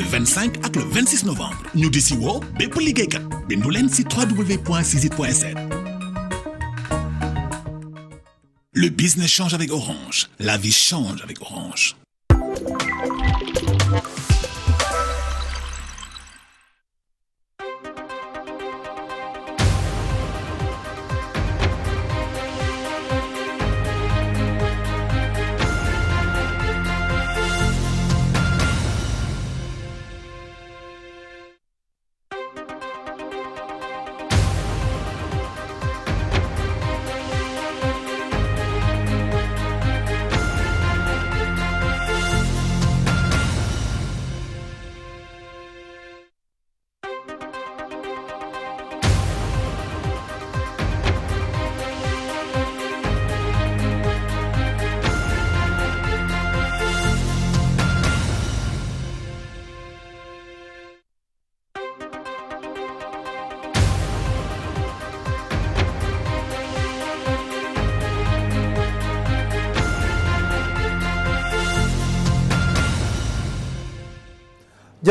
le 25 ak le 26 novembre ñu di si woo bépp liggéeykat bindu leen si www.sisit.sn Le business change avec Orange. La vie change avec Orange.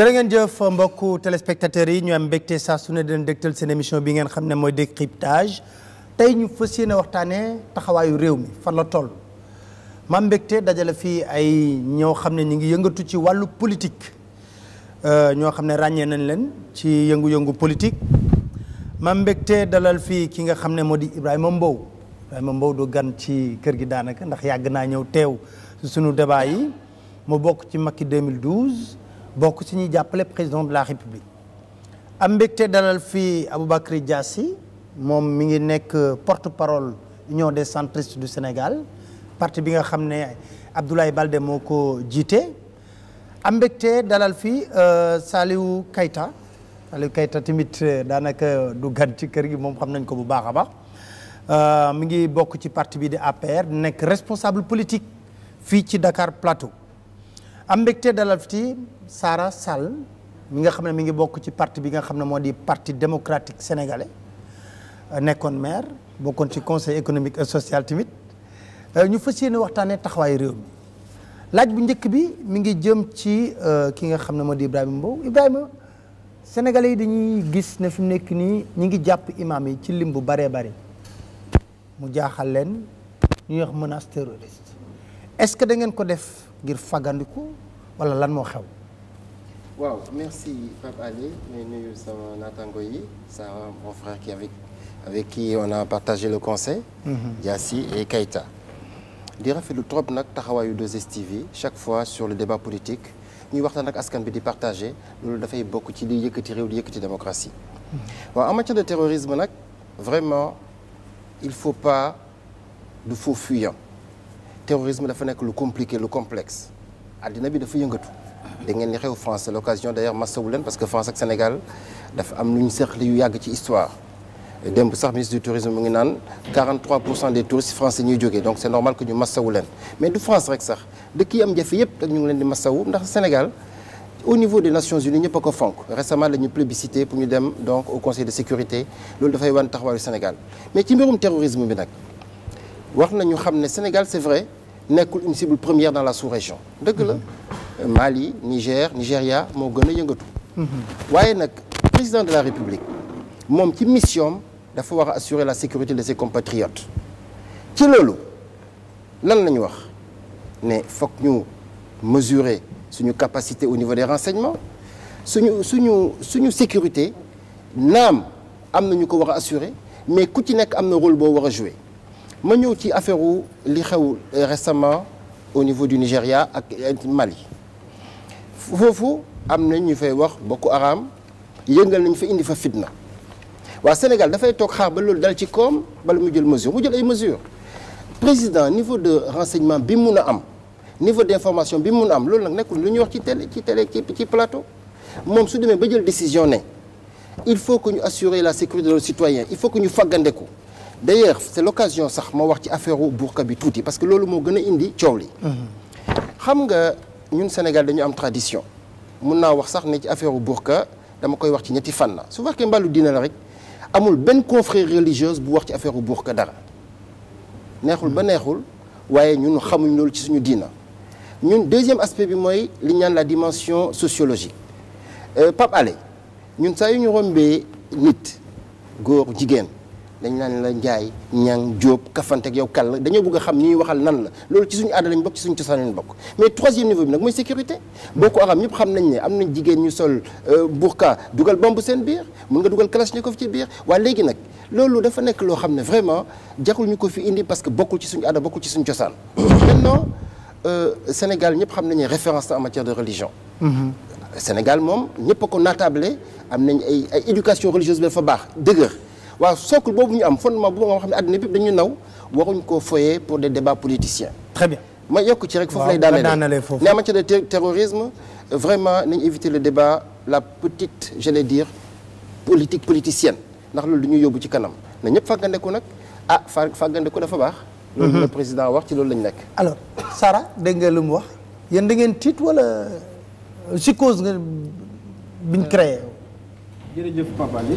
jërë ngeen jëf mbokku téléspectateurs yi ñu am mbégte saa su ne dina dégtal seen émission bi ngeen xam ne mooy décryptage tey ñu fas yéene waxtaanee taxawaayu réew mi fan la toll. ma mbégte dajale fii ay ñoo xam ne ñu ngi yëngatu ci wàllu politique euh, ñoo xam ne ràññee nañ leen ci yëngu politique. ma mbégte dalal fii ki nga xam ne moo di Ibrahima Mbow Ibrahima Mbow du gan ci kër gi daanaka ndax yàgg naa ñëw teew ci sunu débat yi mu bokk ci Macky 2012. bokk ci ñuy jàppale président de la république am mbégte dalal fii Aboubacry Diassi moom mi ngi nekk porte-parole union de centristes du Sénégal parti bi nga xam ne Abdoulaye Balde moo ko jiite am mbégte dalal fii euh, Saliou Keita Saliou Keita tamit euh, daanaka du gan ci kër gi moom xam nañ ko bu baax a baax euh, mi ngi bokk ci parti bi di APR nekk responsable politique fii ci Dakar Plateau am mbégte dalal ci Sara Sall mi nga xam ne mi ngi bokk ci parti bi nga xam ne moo di parti démocratique sénégalais euh, nekkoon maire bokkoon ci conseil économique et social tamit euh, ñu fas yéene waxtaanee taxawaayu réew mi laaj bu njëkk bi mi ngi jëm ci euh, ki nga xam ne moo di Ibrahima Mbow Ibrahima sénégalais yi dañuy gis ne fi mu nekk nii ñu ngi jàpp imaam yi ci lim bu baree bari mu jaaxal leen ñuy wax menace terroriste est-ce que da ngeen ko def. ngir faggandiku wala lan moo xew. waaw merci Pape Ali may nuyu sama naataango yi sama mon frère qui avec avec qui on a partagé le conseil. Diassi mhm. et Keita. di rafetlu trop nag taxawaayu 2STV chaque fois sur le débat politique ñuy waxtaan ak askan bi di partagé loolu dafay bokk ci liy yëkkati réew di yëkkati démocratie. Mhm. waaw en matière de terrorisme nag vraiment il faut pas de faux fuyants. terrorisme dafa nekk lu compliqué lu complexe àddina bi dafa yëngatu da ngeen li xew France c'est l'occasion d'ailleurs masawu leen parce que France ak Sénégal dafa am lu ñu seqli yu yàgg ci histoire démb sax ministre du tourisme mu ngi naan 43 pour cent des touristes français ñuy jógee donc c'est normal que ñu masawu leen mais du France rek sax dëkk yi am jafe yëpp ñu ngi leen di masawu ndax Sénégal au niveau des Nations Unies ñëpp a ko fonk récemment la ñu plébiscité pour ñu dem donc au conseil de sécurité loolu dafay wan taxawaayu mais ci mbirum bi nag wax nañu xam ne Sénégal c'est vrai nekkul une cible première dans la sous-région dëgg la Mali Niger Nigeria moo gën a yëngatu mhm. waaye nag président de la République moom ci mission dafa war a assurer la sécurité de ses compatriotes ci loolu lan la ñu wax ne foog ñu mesurer suñu capacité au niveau des renseignements suñu suñu suñu sécurité naam am na ñu ko war a assurer mais ku ci nekk am na rôle boo war a jouer ma ñëw ci affaire wu li xew récemment au niveau du Nigéria ak Mali foofu am na ñu fay wax bokku araam yëngal nañ fa indi fa fitna waa Sénégal dafay toog xaar ba loolu dal ci koom bala mu jël mesure mu jël ay mesures président niveau de renseignement bi mun a am niveau d'information bi mun a am loolu nag nekkul lu ñuy wax ci télé ci télé ci plateau moom su demee ba jël décision ne il faut que ñu assurer la sécurité de nos citoyens il faut que ñu faggandeku d'ailleurs c'est l'occasion sax ma wax ci affaire u burqa bi tuuti parce que loolu moo gën a indi coow li xam nga ñun Sénégal dañu am tradition mun naa wax sax ne ci affaire u ka dama koy wax ci ñetti fànn su fekkee mbàllu diina la rek amul benn confrérie religieuse bu wax ci affaire u ka dara neexul ba neexul waaye ñun xamuñ loolu ci suñu diina ñun deuxième aspect bi mooy li ñaan la dimension sociologique euh, Pape Alé ñun saa yu ñu rombee nit góor jigéen dañu naan la njaay ñang jóob kafantek yow kàll dañoo bëgg a xam ñuy waxal nan la loolu ci suñu aada lañ bokk ci suñu cosaan bokk mais troisième niveau bi nag mooy sécurité xam nañ ne am nañ jigéen ñu sol euh, burka dugal bomb seen biir mun nga dugal kalachnikov ci biir waaye léegi nag loolu dafa nekk loo xam ne vraiment jaxul ko fi indi parce que bokkul ci suñu aada bokkul ci suñu cosaan maintenant euh, Sénégal ñëpp xam nañu référence en matière de religion mm-hmm. Sénégal moom ñëpp a ko naatable am nañ ay ay éducation religieuse bi dafa baax dëgër waaw socle boobu ñu am fondement boobu nga xam ne àddina bépp dañu naw waruñ ko foyee pour des débats politiciens. très bien ma yokk ci rek. foofu lay daanelee foofu mais en matière de terrorisme vraiment nañ éviter le débat la petite j'allais dire politique politicienne ndax loolu du ñu yóbbu ci kanam na ñëpp fàggandeku nag ah fà fàggandeku dafa baax. loolu mhm. la président wax ci loolu lañ nekk. alors Sara dégg nga lu mu wax yéen da ngeen tiit wala euh, si cause nga biñ créé. jërëjëf Papa Li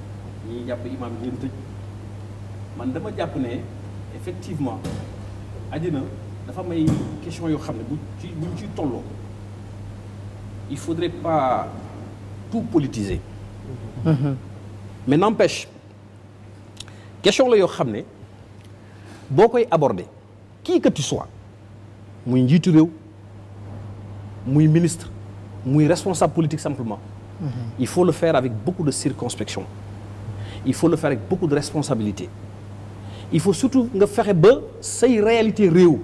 ñii jàpp imaam yi leen tëj man dama jàpp ne effectivement àddina dafa may question yoo xam ne bu ci buñ ciy tolloo il faudrait pas tout politiser mm-hmm. mais n'empêche question la yoo xam ne boo koy aborder qui que tu sois muy njiitu réew muy ministre muy responsable politique simplement mm-hmm. il faut le faire avec beaucoup de circonspection il faut le faire avec beaucoup de responsabilité il faut surtout nga fexe ba say réalité réew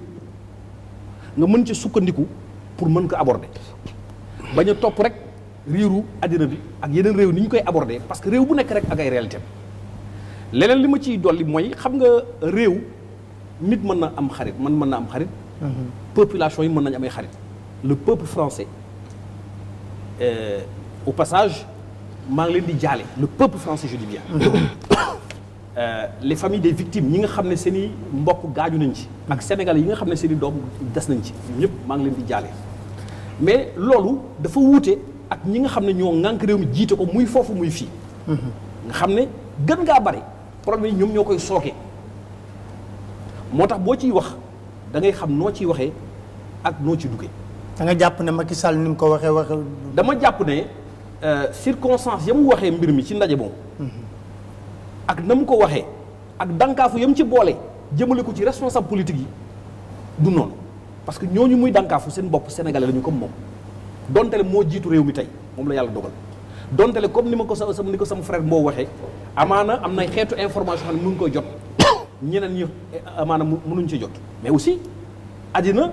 nga mën ci sukkandiku pour mën ko aborder bañ a topp rek riiru àddina bi ak yeneen réew ni ñu koy aborder parce que réew bu nekk rek ak ay réalité leneen li ma ciy dolli mooy xam nga réew nit mën na am xarit mën mën na am xarit mhm. population yi mën nañu amay xarit le peuple français euh, au passage maa ngi leen di jaale le peuple français je dis bien. Euh, les familles des victimes ñi nga xam ne seen mbokk gaaju nañ ci. ak sénégalais yi nga xam ne seen i doom des nañ ci. ñëpp maa ngi leen di jaale. mais loolu dafa wuute ak ñi nga xam ne ñoo ŋànk mi jiite ko muy foofu muy fii. nga xam ne gën ngaa bari problème yi ñoom ñoo koy sooke. moo tax boo ciy wax dangay xam noo ciy waxee ak noo ci duggee. da nga jàpp ne Macky sal ni mu ko waxee waxee. dama jàpp ne. Euh, circonstance ya mu waxee mbir mi ci ndaje boobu ak na mu ko waxee ak dànkaafu yam ci boole jëmale ko ci responsable politique yi du noonu parce que ñooñu muy dankaafu seen bopp sénégalais lañu comme moom donte dontele moo jiitu réew mi tey moom la yàlla dogal dontele comme ni ma ko sa ni ko sama frère mboo waxee amaana am na xeetu information xam ne mu ngi koy jot ñeneen ñi amaana mënuñ ci jot mais aussi addina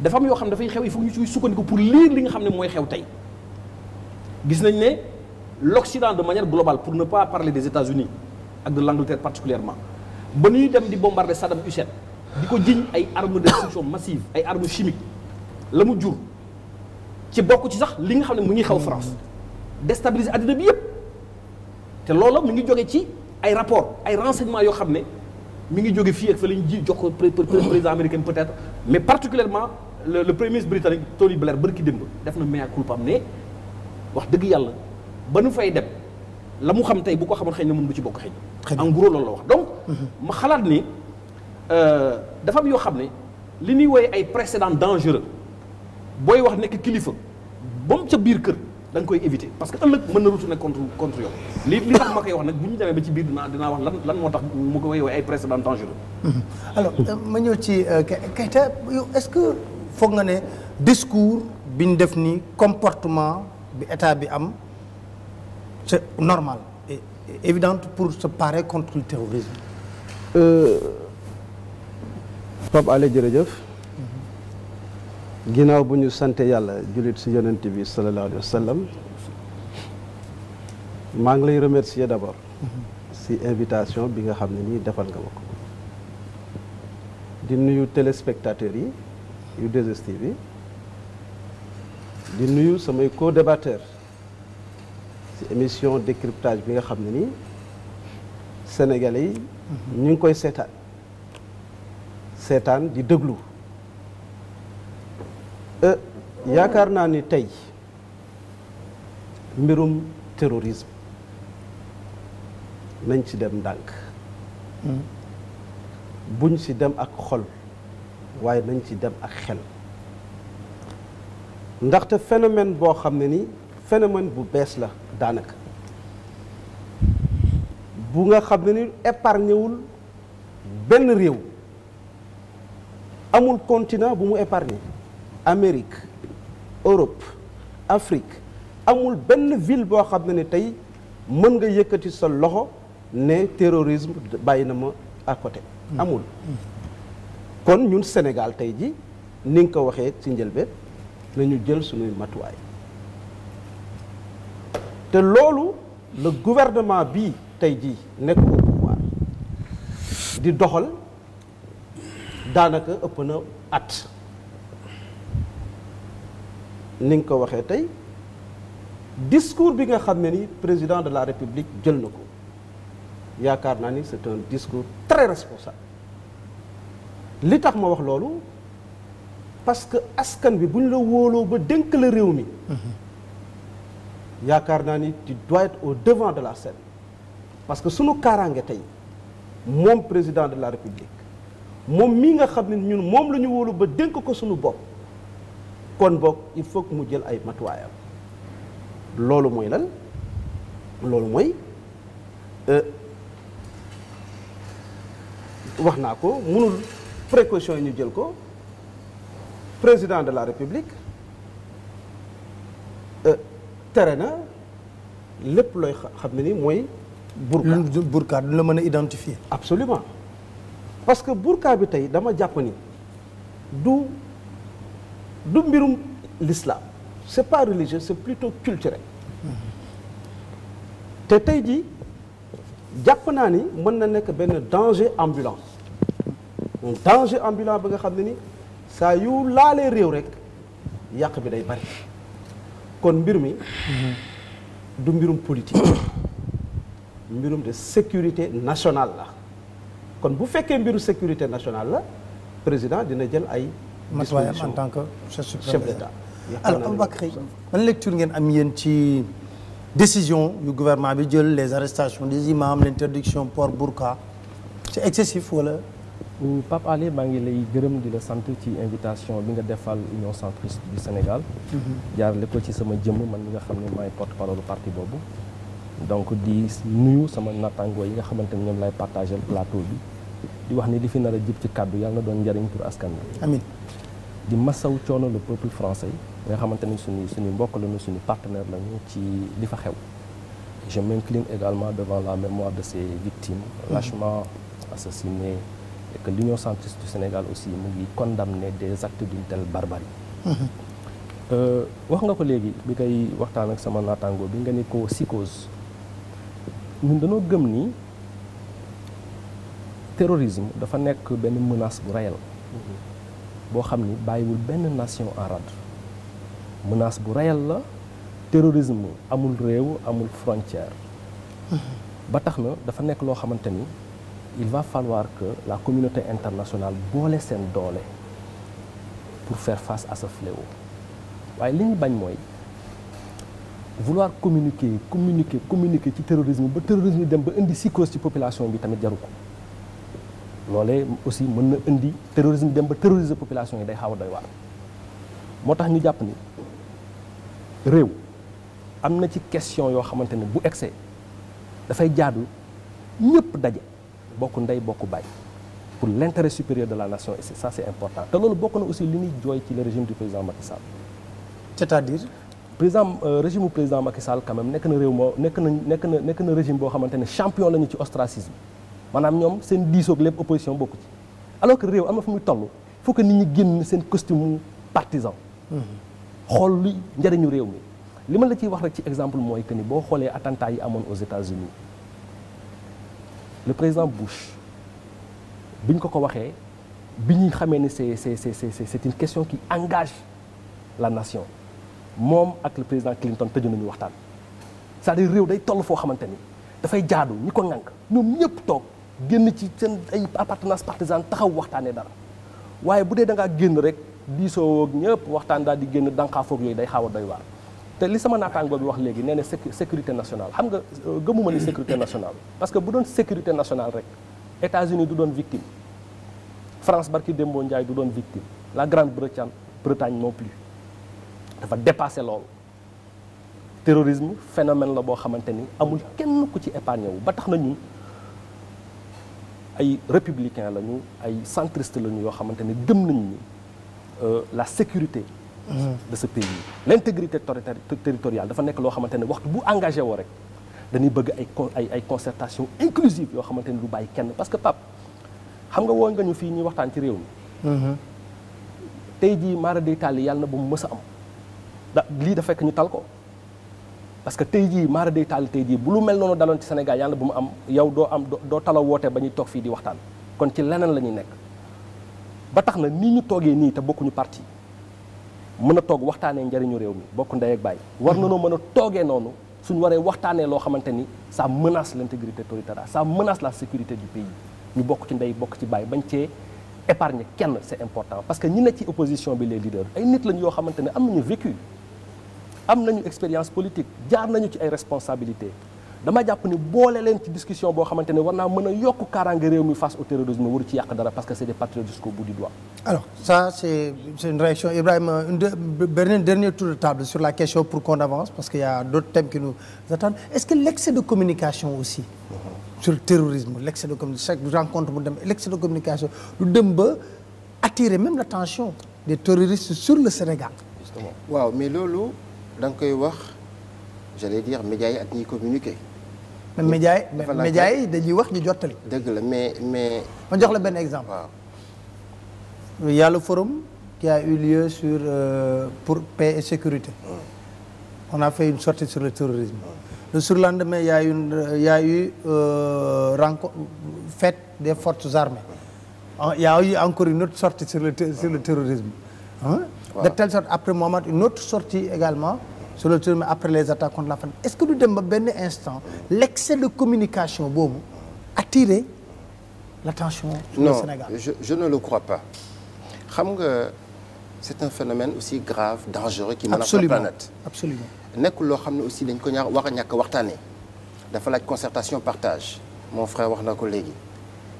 dafa am yoo xam ne dafay xew il faut ñu ciy sukkandiku pour lire li nga xam ne mooy xew tey gis nañ ne l'Occident de manière globale pour ne pas parler des États-Unis ak de l'Angleterre particulièrement ba ñuy dem di bombarder Saddam Hussein di ko jiñ ay armes de destruction massive ay armes chimiques la mu jur ci bokk ci sax li nga xam ne mu ngi xaw France déstabiliser àddina bi yépp te loola mu ngi jóge ci ay rapport ay renseignements yoo xam ne mi ngi jóge fii ak fa la ñu ji jox ko président américain peut-être mais particulièrement le premier ministre britannique Tony Blair bërki def na mea culpa am wax dëgg yàlla ba nu fay dem la mu xam tey bu ko xamoon xëy na moom du ci bokk xëy na en gros loolu la wax donc ma xalaat ni euh, dafa am yoo xam ne li ñuy wooye ay précédents dangereux booy wax nekk kilifa ba ca biir kër da koy éviter parce que ëllëg mën na retourner contre contre yow li li tax ma koy wax nag bu ñu demee ba ci biir dinaa dinaa wax lan lan moo tax mu ko woy ay précédents dangereux mhm. alors euh, ma ñëw ci euh, Keita yow est-ce que foog nga ne discours bi ñu def ni comportement bi état bi am c'est normal et, évidente pour sa parer contre le terrorisme. Euh, Pape Alé jërëjëf. ginnaaw bu ñu sante yàlla jullit si yonent bi sallallahu alayhi maa ngi lay remercier d'abord. si invitation bi nga xam ne nii defal nga ma ko. di nuyu téléspectateurs yi yu 2STV bi di nuyu samay co-débatteur ci émission décryptage bi nga xam ne ni sénégalais yi. Mhm. ñu ngi koy seetaan seetaan di déglu. E, yaakaar naa ni tey mbirum terrorisme nañ ci dem ndànk. Hmm. buñ si dem ak xol waaye nañ ci dem ak xel. ndaxte phénomène boo xam ne ni phénomène bu bees la daanaka bu nga xam ne ni épargné wul benn réew amul continent bu mu épargné Amérique Europe Afrique amul benn ville boo xam ne ni tey mën nga yëkkati sa loxo ne terrorisme bàyyi na ma à côté. Hmm. amul kon ñun senegal tey ji ni nga ko waxee ci njëlbeen. nañu jël suñuy matuwaay te loolu le gouvernement bi tey jii nekk au pouvoir di doxal daanaka ëpp na at ni nga ko waxee tey discours bi nga xam ne ni président de la république jël na ko yaakaar naa ni c'est un discours très responsable li tax ma wax loolu parce que askan bi bu ñu la wóoloo ba dënk la réew mi yaakaar naa ni tu dois être au devant de la scène parce que sunu kaaraange tey moom président de la république moom mii nga xam ne ñun moom la ñu wóolu ba dénk ko suñu bopp kon boog il faut que mu jël ay matuwaayam loolu mooy lan loolu mooy euh, wax naa ko mënul précaution yi ñu jël ko président de la république euh, tere na lépp looy xam ne ni mooy. burka burka du la mën a identifier. absolument parce que burka bi tey dama jàpp ni du du mbirum l'islam c'est pas religieux c'est plutôt culturel. Hmm. te tey jii jàpp naa ni mën na nekk benn danger ambulant un danger ambulant bi nga xam ne ni. saa yu laalee réew rek yàq bi day bari kon mbir mi du mbirum politique mbirum de sécurité nationale la kon bu fekkee mbiru sécurité nationale la président dina jël ay matuwaayam en tant que chef d'état alors Aboubacry ban lecture ngeen am yéen ci décision yu gouvernement bi jël les arrestations des imams l'interdiction port burqa c'est excessif wala Pape Alé maa ngi lay gërëm di la sant ci invitation bi nga defal Union centriste du Sénégal. Mhm. jaarale ko ci sama jëmm man mi nga xam ne maay porte parole parti boobu. donc di nuyu sama nattangoo yi nga xamante ne ñoom lay partagé plateau bi di wax ni li fi nar a jib ci kàddu yàlla na doon njariñ pour askan bi amiin di masaw coono le peuple français nga xamante ne suñu suñu mbokk lañu suñu partenaire lañu ci li fa xew. je m'incline également devant la mémoire de ces victimes mhm. lâchement assassinées. et que l'Union centriste du Sénégal aussi mu ngi condamner des actes d'une telle barbarie. Mhm. Euh, wax nga ko léegi bi koy waxtaan ak sama naataango bi nga ni ko psychose ñun dañoo gëm ni terrorisme dafa nekk benn menace bu réelle. Mhm. boo xam ni bàyyiwul benn nation en rade menace bu réelle la terrorisme amul réew amul frontière. Mhm. ba tax na dafa nekk loo xamante ni. il va falloir que la communauté internationale boole seen doole pour faire face à ce fléau waaye li ñu bañ mooy vouloir communiquer communiquer communiquer ci terrorisme ba terrorisme dem ba indi psychose ci population bi tamit jaru ko loole aussi mën na indi terrorisme dem ba terroriser population yi day xaw a doy waar moo tax ñu jàpp ni réew am na ci question yoo xamante ne bu excès dafay jaadu ñëpp daje bokk ndey bokk baay pour l' intérêt supérieur de la nation et ça c' est important te loolu bokk na aussi li ñuy jooy ci le régime du président Macky Sall. à dire. président euh, régime bu président Macky Sall quand nekk na réew moo nekk na nekk na nekk na régime boo xamante ne champion lañu ci ostracisme maanaam ñoom seen diisoog lépp opposition bokk ci alors que réew am na fu muy toll faut que nit ñi génn seen costume partisan. Mm-hmm. xool luy njëriñu réew mi. la ciy wax rek exemple mooy que ni boo xoolee attentat yi amoon aux états le président Bush bi ñu ko ko waxee bi ñuy xamee ne c'est c'est c'est c'est une question qui engage la nation moom ak le président Clinton tëju nañu waxtaan cest à réew day toll foo xamante ni dafay jaadu ñi ko ŋànk ñoom ñëpp toog génn ci seen ay appartenance partisane taxaw waxtaanee dara waaye bu dee da ngaa génn rek diisoo ak ñëpp waxtaan daal di génn dànqaafoog yooyu day xaaw a doy waa te li sama naataangoo bi wax léegi nee na sécurité nationale xam nga euh, gëmuma ni sécurité nationale parce que bu doon sécurité nationale rek États-Unis du doon victime France barki Dembo Ndiaye du doon victime la Grande-Bretagne Bretagne non plus dafa dépassé loolu terrorisme phénomène la boo xamante ni amul kenn ku ci épargné wu ba tax na ñu ay républicain lañu ay centriste lañu yoo xamante ni gëm nañu ni euh, la sécurité de ce pays l' intégrité territoriale dafa nekk loo xamante ne waxtu bu engagé woo rek dañuy bëgg ay ay ay concertation inclusive yoo xamante ne du bàyyi kenn parce que Pape xam nga woo nga ñu fii ñuy waxtaan ci réew mi mhm. tey jii maara day tàlli yàlla na ba mu mës a am da lii dafa fekk ñu tal ko parce que tey jii maara day tàlli tey jii bu lu mel noonu daloon ci Sénégal yàlla na bu mu am yow doo am doo tala woote ba ñu toog fii di waxtaan kon ci leneen la ñuy nekk ba tax na nii ñu toogee nii te bokkuñu parti mën a toog waxtaanee njariñu réew mi bokk ndey ak bàyyi war nanoo mën a toogee noonu suñu waree waxtaanee loo xamante ni ça menace l'intégrité territoriale ça menace la sécurité du pays ñu bokk ci ndey bokk ci bàyyi bañ cee épargner kenn c'est important parce que ñi ne ci opposition bi les leaders ay nit lañ yoo xamante ne am nañu vécu am nañu expérience politique jaar nañu ci ay responsabilités dama jàpp ni boole leen ci discussion boo xamante ne war naa mën a yokk kaaraange réew mi face au terrorisme waru ci yàq dara parce que c'est des patriotes jusqu'au bout du doigt. alors c'est une réaction Ibrahima une dernier tour de table sur la question pour qu'on avance parce qu'il y a d'autres thèmes qui nous attendent est-ce que l'excès de communication aussi. Mm-hmm. sur le terrorisme l'excès de communication dem l'excès de communication lu dem ba attirer même l'attention des terroristes sur le Sénégal. waaw mais loolu da nga koy wax j'allais dire médias yi mais médias yi médias yi dañuy wax ñu jottali. dëgg la mais mais. ma jox la benn exemple. waaw. y a le forum qui a eu lieu sur euh, pour paix et sécurité. Hmm. on a fait une sortie sur le terrorisme. le surlendemain y a une y a eu euh, rencontre fête des forces armées. Hmm. y a eu encore une autre sortie sur le le terrorisme. Hein? Wow. de telle sorte après Mohamed une autre sortie également. sur le terme après les attaques contre la famille est-ce que du dem ba benn instant l'excès de communication boobu attirer l'attention sur le Sénégal non je, je ne le crois pas xam nga c'est un phénomène aussi grave dangereux qui menace la planète absolument nekkul loo xam ne aussi dañ ko ñaar war a ñàkk waxtaanee dafa laaj concertation partage mon frère wax na ko léegi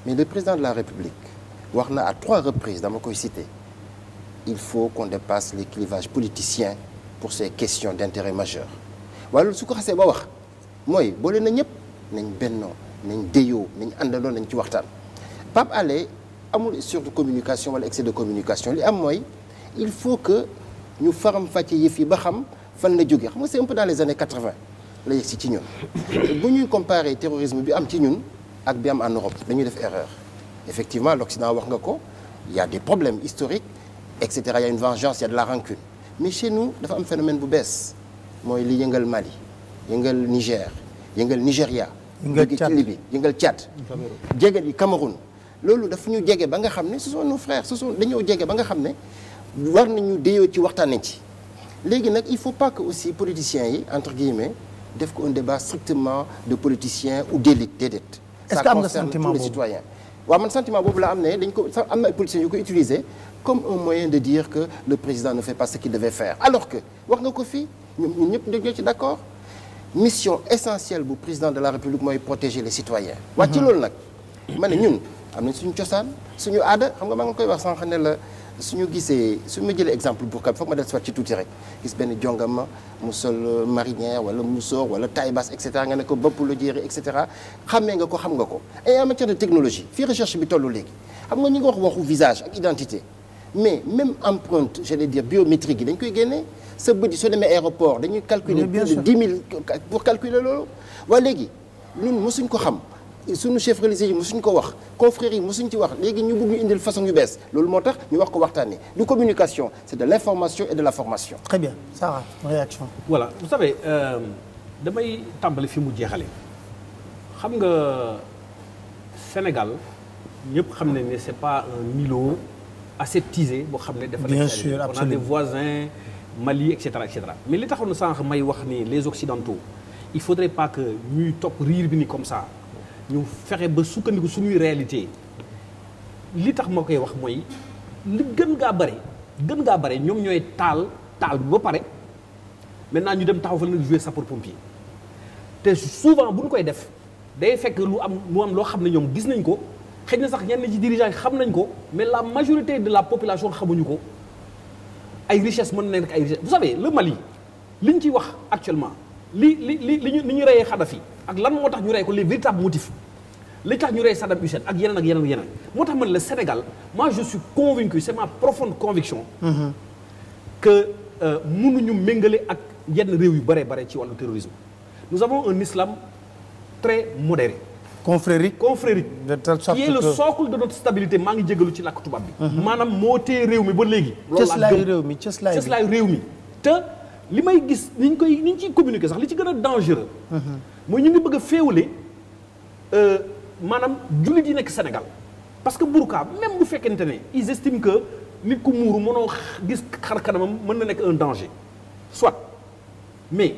mais le président de la République wax na à trois reprises dama koy citer il faut qu'on dépasse les clivages politiciens pour ces question d'intérêt majeur waaye loolu su ko xasee ba wax mooy boole na ñëpp nañ bennoo nañ déyoo nañ àndandoo nañ ci waxtaan Pape Alé amul surtout communication wala excès de communication li am mooy il faut que ñu faram fàcce yi yi ba xam fan la jógee xam nga c'est un peu dans les années 80 la yegg si ci ñun bu ñuy comparer terrorisme bi am ci ñun ak bi am en Europe dañuy def erreur effectivement l'Occident wax nga ko il y a des problèmes historiques etc il y a une de la rancune mais chez nous dafa am phénomène bu bees mooy li yëngal Mali yëngal Niger yëngal Nigéria. yëngal Tchad ci Libye yëngal Tchad. jégal yi Cameroun. loolu daf ñu jege ba nga xam ne ce sont nos frères ce sont dañoo jege ba nga xam ne war nañu déyoo ci waxtaanee ci. léegi nag il faut pas que aussi politiciens yi entre guillemets def ko un débat strictement de politiciens ou d'élite déedéet. ça concerne tous les citoyens. waaw man sentiment boobu la am ne dañ ko am na ay politiciens yu ko utiliser comme un moyen de dire que le président ne fait pas ce qu'il devait faire alors que wax nga ko fii ñun ñëpp ñoo ci d'accord mission essentielle bu président de la république mooy protéger les citoyens waa ci mhm. loolu nag ma ne ñun am nañ suñu cosaan suñu aada xam nga maa ngi koy wax sànq ne la su ñu gisee suñu ma jëlee exemple burka foog ma def soit ci tuuti rek gis benn jongama mu sol euh, marinière wala musoor wala taille basse et cetera nga ne ko bëpp lu jéeri et cetera xammee nga ko xam nga ko et en matière de technologie fii recherche bi toll léegi xam nga ñu ngi wax waxu visage ak identité mais même empreinte j'allais dire biométrique yi dañ koy génnee sa bët yi soo demee aéroport dañuy calculer plus de 10 000 pour calculer loolu waaye léegi ñun mosuñ ko xam suñu chef religieux yi mosuñ ko wax confrères yi mosuñ ci wax léegi ñu bëgg ñu indil façon yu bees loolu moo tax ñu wax ko waxtaanee du communication c'est de l'information et de la formation. très bien Sarah réaction. voilà vous savez euh, damay tàmbali fi mu jeexale xam nga Sénégal ñëpp xam ne ne c'est pas un îlot aseptisé boo xam ne. dafa nekk bien sûr absolument on a des voisins Mali et cetera et cetera mais li taxoon sànq may wax ni les occidentaux il faudrait pas que ñuy topp riir bi ni comme ça. ñu fexe ba sukkandiku suñuy réalité li tax ma koy wax mooy li gën ngaa bare gën ngaa bare ñoom ñooy taal taal bi ba pare naa ñu dem taxaw fa nag jouer sapeur pompier te souvent bu ñu koy def day fekk lu am lu am loo xam ne ñoom gis nañ ko xëy na sax ñenn ci dirigeant yi xam nañ ko mais la majorité de la population xamuñu ko ay richesse mën na nekk ay richesse vous savez le Mali liñ ci wax actuellement li li li li ñu reyee Kadhafi ak lan moo tax ñu rey ko les véritables motifs li tax ñu rey Saddam Hussein ak yeneen ak yeneen yeneen moo tax man le Sénégal moi je suis convaincu c'est ma profonde conviction mm-hmm. que euh, mënuñu méngale ak yenn réew yu bare bare ci wàllu terrorisme nous avons un islam très modéré confrérique confrérique qui est le socle de notre stabilité maa ngi jégalu ci làkk tubaab bi mm-hmm. maanaam moo tee réew mi ba léegi cëslaayu réew mi cëslaayu réew mi te li may gis ni ñu koy ni ñu ciy communiquer sax li ci gën a dangereux mm-hmm. mooy ñu ngi bëgg a féewale euh, maanaam jullit yi nekk Sénégal parce que burka même bu fekkente ne ils estiment que nit ku muuru mënoo gis xar kanamam mën na nekk un danger soit mais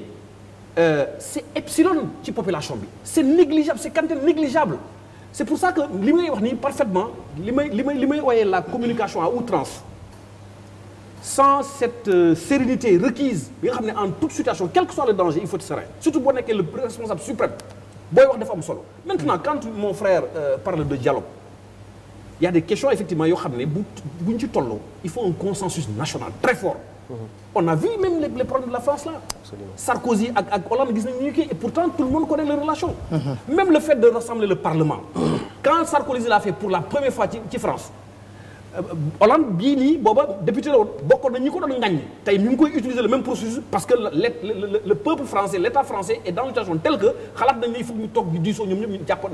euh, c'est epsilon ci population bi c'est négligeable c'est quantité négligeable c'est pour ça que li may wax nii parfaitement li may li may li may ooyee la communication à trance sans cette euh, sérénité requise bi nga xam ne en toute situation quel que soit le danger il faut être surtout boo nekkee le responsable suprême booy wax dafa am solo maintenant quand mon frère euh, parle de dialogue y a des questions effectivement yoo xam ne bu buñ ci tolloo il faut un consensus national très fort mm-hmm. on a vu même les, problèmes de la France là Sarkozy ak ak Hollande gis nañu et pourtant tout le monde connaît les relations mm-hmm. même le fait de rassembler Hollande bii nii booba député la woon bokkoon na ñi ko doon ngañ tey mi ngi koy utiliser le même processus parce que le le peuple français l' état français est dans une situation telle que xalaat nañ ne il faut ñu toog ñu diisoo ñoom ñëpp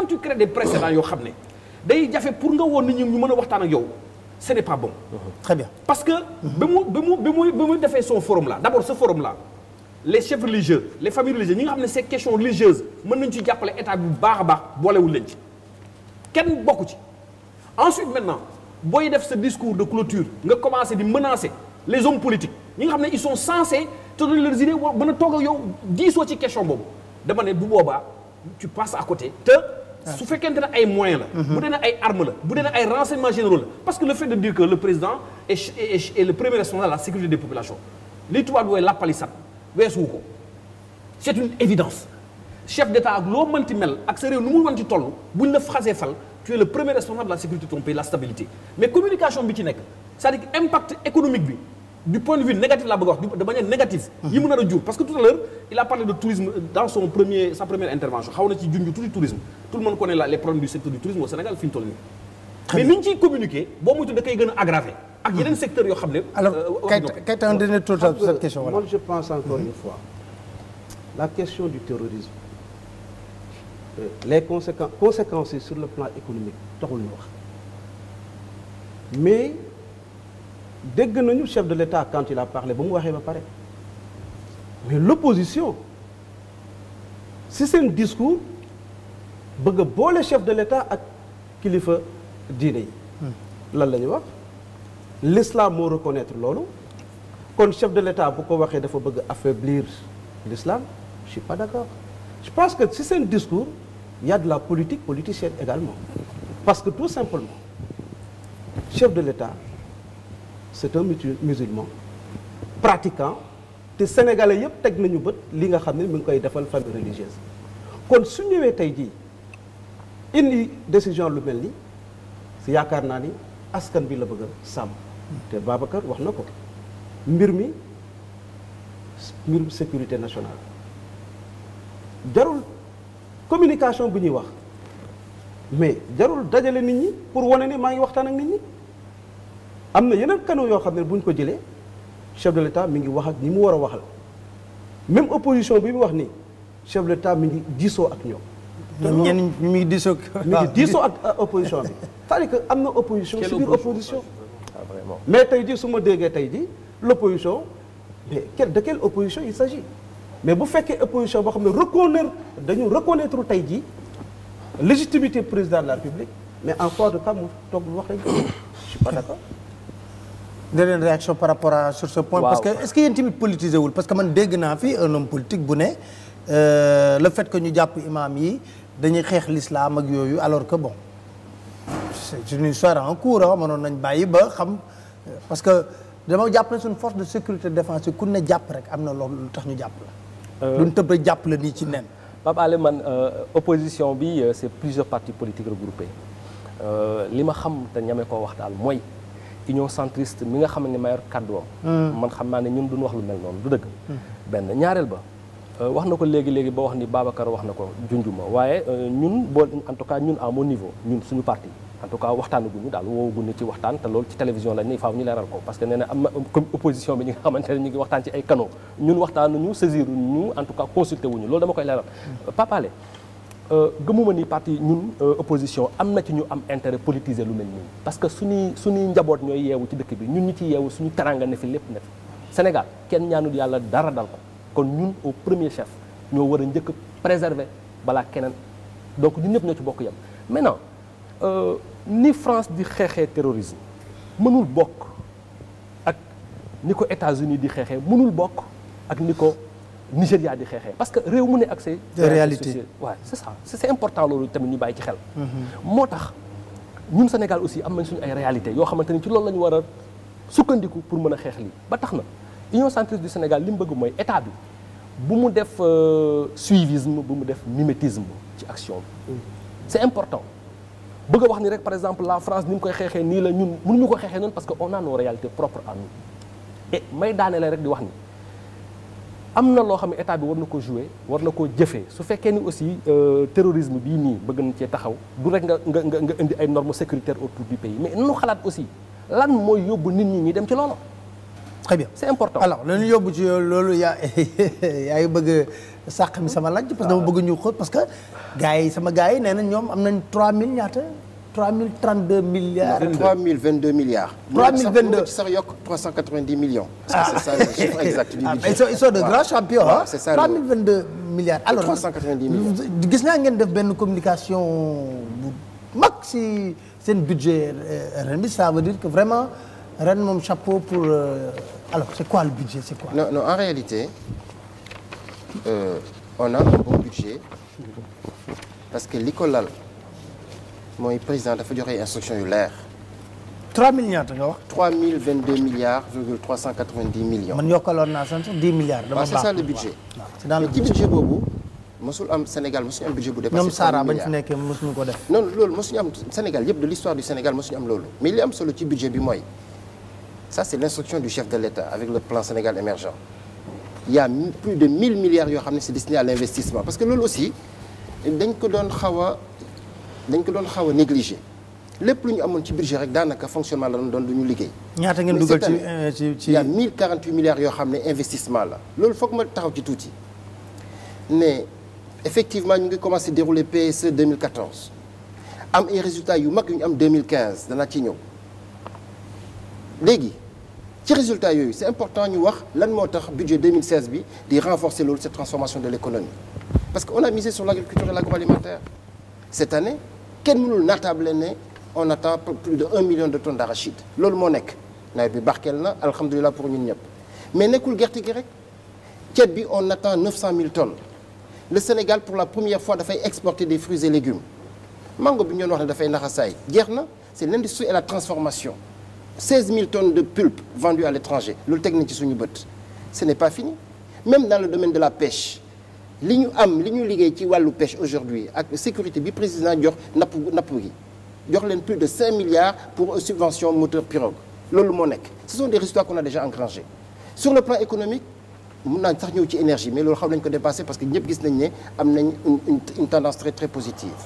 ñu ne day jafe pour nga woon nit ñi mën a waxtaan ak yow ce n' parce que. ba mu ba mu ba mu mu defee son forum là d' abord ce forum les chefs religieux les familles religieuses ñi nga xam ne ces questions religieuses mën nañu ci jàppale état bu baax a baax boolewul leen ci kenn bokku ci. ensuite maintenant booy def sa discours de clôture nga commencé di menacer les hommes politiques ñi nga xam ne ils sont censés te donner leurs idées war mën a toog ak yow diisoo ci question boobu dama ne bu boobaa tu passes à côté te ah, su fekkente ne ay moyen la mhm. bu dee ne ay armes la bu dee ne ay renseignements généraux la parce que le fait de dire le président est, est, est le premier responsable de la sécurité des populations li tubaab di wooye la palissade ko c'est une évidence chef ak loo mënti mel ak sa réew nu mu ci toll buñ la xasee fal tu es le premier responsable de la sécurité de ton pays la stabilité mais communication bi ci nekk c'est-à-dire impact économique bi du point de vue négatif laa bëgg a wax de manière négative yi mën a jur parce que tout il a parlé de tourisme dans son premier sa première intervention xaw na ci junj tuuti tourisme tout le monde connaît les problèmes du secteur du tourisme au Sénégal fi nii mais ni ñu communiqué boo moytu da koy gën aggravé ak yeneen secteurs yoo les conséquences conséquences yi sur le plan économique taxul ñu wax mais dégg nañu chef de l'État quand il a parlé ba mu waxee ba pare mais l'opposition si seen discours bëgg boole chef de l'État ak kilifa diine yi. lan la ñuy wax l'islam moo reconnaître loolu kon chef de l'État bu ko waxee dafa bëgg affaiblir l'islam je suis pas d'accord je pense que si seen discours. il y a de la politique politicienne également. Parce que tout simplement, chef de l'État, c'est un musulman, pratiquant, te sénégalais yëpp teg nañu bët li nga xam ne mi ngi koy defal famille religieuse kon su ñëwee tey jii indi décision lu mel ni si yaakaar naa ni askan bi la bëgg a sàmm te Babacar wax na ko mbir mi mbirum sécurité nationale jarul communication bi ñuy wax mais jarul dajale nit ñi pour wane ne maa ngi waxtaan ak nit ñi am na yeneen canaux yoo xam ne bu ñu ko jëlee chef de l'État mi ngi wax ak ñi mu war a waxal même opposition bi mu wax ni chef de l'État mi ngi diisoo ak ñoom. ñoom ñenn mi ngi diisoo ak. mi ngi diisoo ak opposition bi c'est-à-dire am na opposition. ci biir opposition ah, mais tey jii su ma déggee tey jii l'opposition mais de quelle opposition il s'agit mais bu fekkee opposition boo xam ne reconnaître dañu reconnaître tey jii légitimité président de la République mais en quoi de cas mu toog lu wax rek je suis réaction par rapport à sur ce point. Wow. parce que est-ce que yéen tamit politisé wul parce que man dégg naa fi un homme politique bu ne euh, le fait que ñu jàpp imam yi dañuy xeex l'islam ak yooyu alors que bon c'est une histoire en cours ah mënoon nañ bàyyi ba xam parce que dama jàpp ne suñu force de sécurité défense yi ku ne jàpp rek am na loolu lu tax ñu jàpp duñ euh, tëb rek jàppale nii ci nen. Pape Alé man euh, opposition bi euh, c'est plusieurs partis politiques regroupés li ma xam te ñame koo wax daal mooy union centriste mi nga xam ne ma yor kàdduwam hmm. man xam naa ne ñun duñ wax lu mel noonu du dëgg. Hmm. benn ñaareel ba wax na ko léegi léegi ba wax ni Babacar wax na ko junjuma waaye ñun boo en tout cas ñun à mon niveau ñun suñu parti. en tout cas waxtaanuguñu daal woowaguñu ci waxtaan te loolu ci télévision lañ ne faaw ñu leeral ko parce que nee na am na comme opposition bi ñi nga ñu ngi waxtaan ci ay canaux ñun waxtaanuñu saisir ñu en tout cas consulté wuñu loolu dama koy leeral. Papale euh, gëmuma ni parti ñun euh, opposition am na ci ñu am intérêt politisé lu mel nii. parce que suñuy suñuy njaboot ñooy yeewu ci dëkk bi ñun ñu ci yeewu suñu teranga ne fi lépp ne fi Sénégal kenn ñaanul yàlla dara dal ko kon ñun au premier chef ñoo war a njëkk préserver balaa keneen donc ñun ñëpp ñoo ci bokk yem maintenant. Euh, ni France di xeexee terrorisme mënul bokk ak ni ko États-Unis di xeexee mënul bokk ak ni ko Nigéria di xeexee parce que réew mu ne ak ses réalités waaw c'est ça c'est important loolu tamit ñu bàyyi ci xel mm-hmm. moo tax ñun Sénégal aussi am nañ suñu ay réalités yoo xamante ni ci loolu la ñu war a sukkandiku pour mën a xeex lii ba tax na union centriste du Sénégal li mu bëgg mooy état bi bu mu def euh, suivisme bu mu def mimétisme ci action bi mm. c'est bëgg a wax ni rek par exemple la France ni mu koy xeexee nii la ñun mënuñu ko xeexee noonu parce que on a nos réalités propres à may daane rek di wax ni am na loo xam ne état bi war na ko jouer war na koo jëfee su fekkee ni aussi euh, terrorisme bii nii bëgg na cee taxaw du rek nga nga nga indi ay normes sécuritaires autour du pays mais nanu xalaat aussi lan mooy yóbbu nit ñi ñi dem ci loolu. très bien c'est important la ñu yóbbu ci loolu yaa yaa ngi bëgg. sàq mi sama laaj parce que dama bëgg ñu xóot parce que gars yi sama gars yi nee na ñoom am nañ 3000 ñaata 3032 milliards. 3022 milliards. 3022 sax yokk 390 millions. parce ah. que c'est ça le chiffre exact du ah, budget. ils sont ils sont de grands champions milliards. alors 390 millions. gis naa ngeen def benn communication bu mag si seen budget euh, ren bi ça veut vraiment ren moom chapeau pour euh, alors c'est quoi le budget c'est quoi. non en réalité. euh, on a parce que li ko lal mooy président dafa joxe instruction yu leer. 3 000 ñaata nga wax. 3 022 milliards virgule 390 millions. man yokkaloon naa sant 10 milliards. dama baax waaw c'est ça le budget. c'est dans le budget ci budget boobu. mosul loolu mosuñu am am solo ci budget bi mooy ça c'est l'instruction du chef de l'État avec il y a plus de 1000 milliards yoo xam ne c'est destiné à l'investissement parce que loolu aussi dañ ko doon xaw a dañ ko doon xaw a négligé lépp lu ñu amoon ci budget rek daanaka fonctionnement la doon du ñu ñaata ngeen dugal euh, ci ci il y a 1048 milliards yoo xam ne investissement la. loolu foog ma taxaw ci tuuti mais effectivement ñu ngi commencé dérouler PSE 2014 am ay résultats yu mag yu ñu am 2015 danaa ci ñëw léegi. ci résultat yooyu c'est important ñu wax lan moo tax budget 2016 bi di renforcer loolu cette transformation de l'économie parce que on a misé sur l'agriculture et l'agroalimentaire cette année kenn mënul naatable ne on attend plus de 1 million de tonnes d'arachide loolu moo nekk nawet bi barkeel na alhamdulilah pour ñun ñëpp mais nekkul gerte gi rek ceeb bi on attend 900 000 tonnes le Sénégal pour la première fois dafay exporter des fruits et légumes bi ñu wax ne dafay naxasaay jeex na c'est l'industrie et la transformation mille tonnes de pulpe vendues à l'étranger loolu teg nañ ci suñu bët ce n'est pas fini même dans le domaine de la pêche li ñu am li ñu liggéey ci wàllu pêche aujourd'hui ak sécurité bi président jox napp napp gi jox leen plus de 5 milliards pour subvention moteur pirogue loolu moo nekk ce sont des résultats qu'on a déjà engrangés sur le plan économique mun naa sax ñëw ci énergie mais loolu xam nañ ko dépassé parce que ñëpp gis nañ ne am nañ une tendance très très positive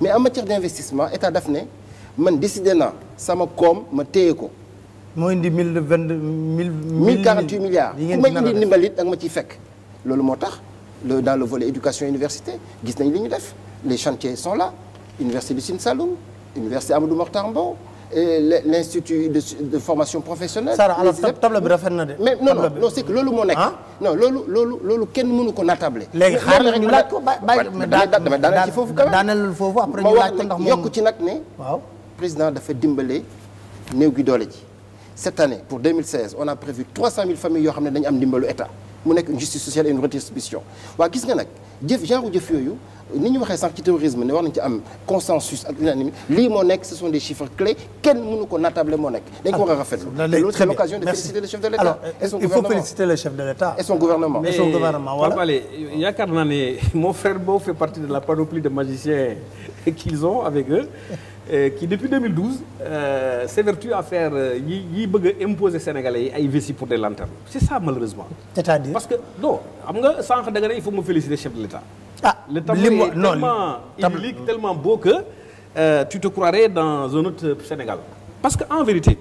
mais en matière d'investissement état daf ne man décidé naa sama koom ma téye ko. moo indi mille vingt mille. mille quarante huit milliards ku may indi ndimbalit da ma ciy fekk. loolu moo tax le dans le volet éducation université gis nañ li ñu def les chantiers sont là université du Sine Saloum université Amadou Mahtar Mbow. l' institut de de formation professionnelle. Sara alors table bi rafet na de. mais non non non c' est que loolu moo nekk. Ah? non loolu loolu loolu kenn mënu ko naatable. léegi xaaral ñu laaj ko bàyyi bàyyi daaneel foofu. daaneel foofu après ñu laaj ko ndax moom yokk ci nag ne. waaw. président dafa dimbale néew gi doole ji cette année pour on a prévu 300 yoo xam ne dañu am dimbalu état mu nekk une justice sociale et une redistribution waaw gis nga nag jëf genre jëf yooyu ni ñu waxee sànq ci terrorisme ne war nañu ci am consensus ak unanimité lii moo nekk ce sont des chiffres clés kenn mënu ko naatable moo nekk dañ ko war a rafetlu ah, loolu c'est l'occasion de féliciter le chef de l'État et son gouvernement et son gouvernement voilà Pape Euh, qui depuis 2012 euh, s'évertue à faire euh, yi yiy bëgg a imposer sénégalais yi ay vessies pour des lanternes c' est ça malheureusement. c' parce que non xam nga sànq da nga ne il faut ma féliciter chef de l' état. ah le tableau est tellement idyllique tellement beau que tu te dans un autre Sénégal. parce que en vérité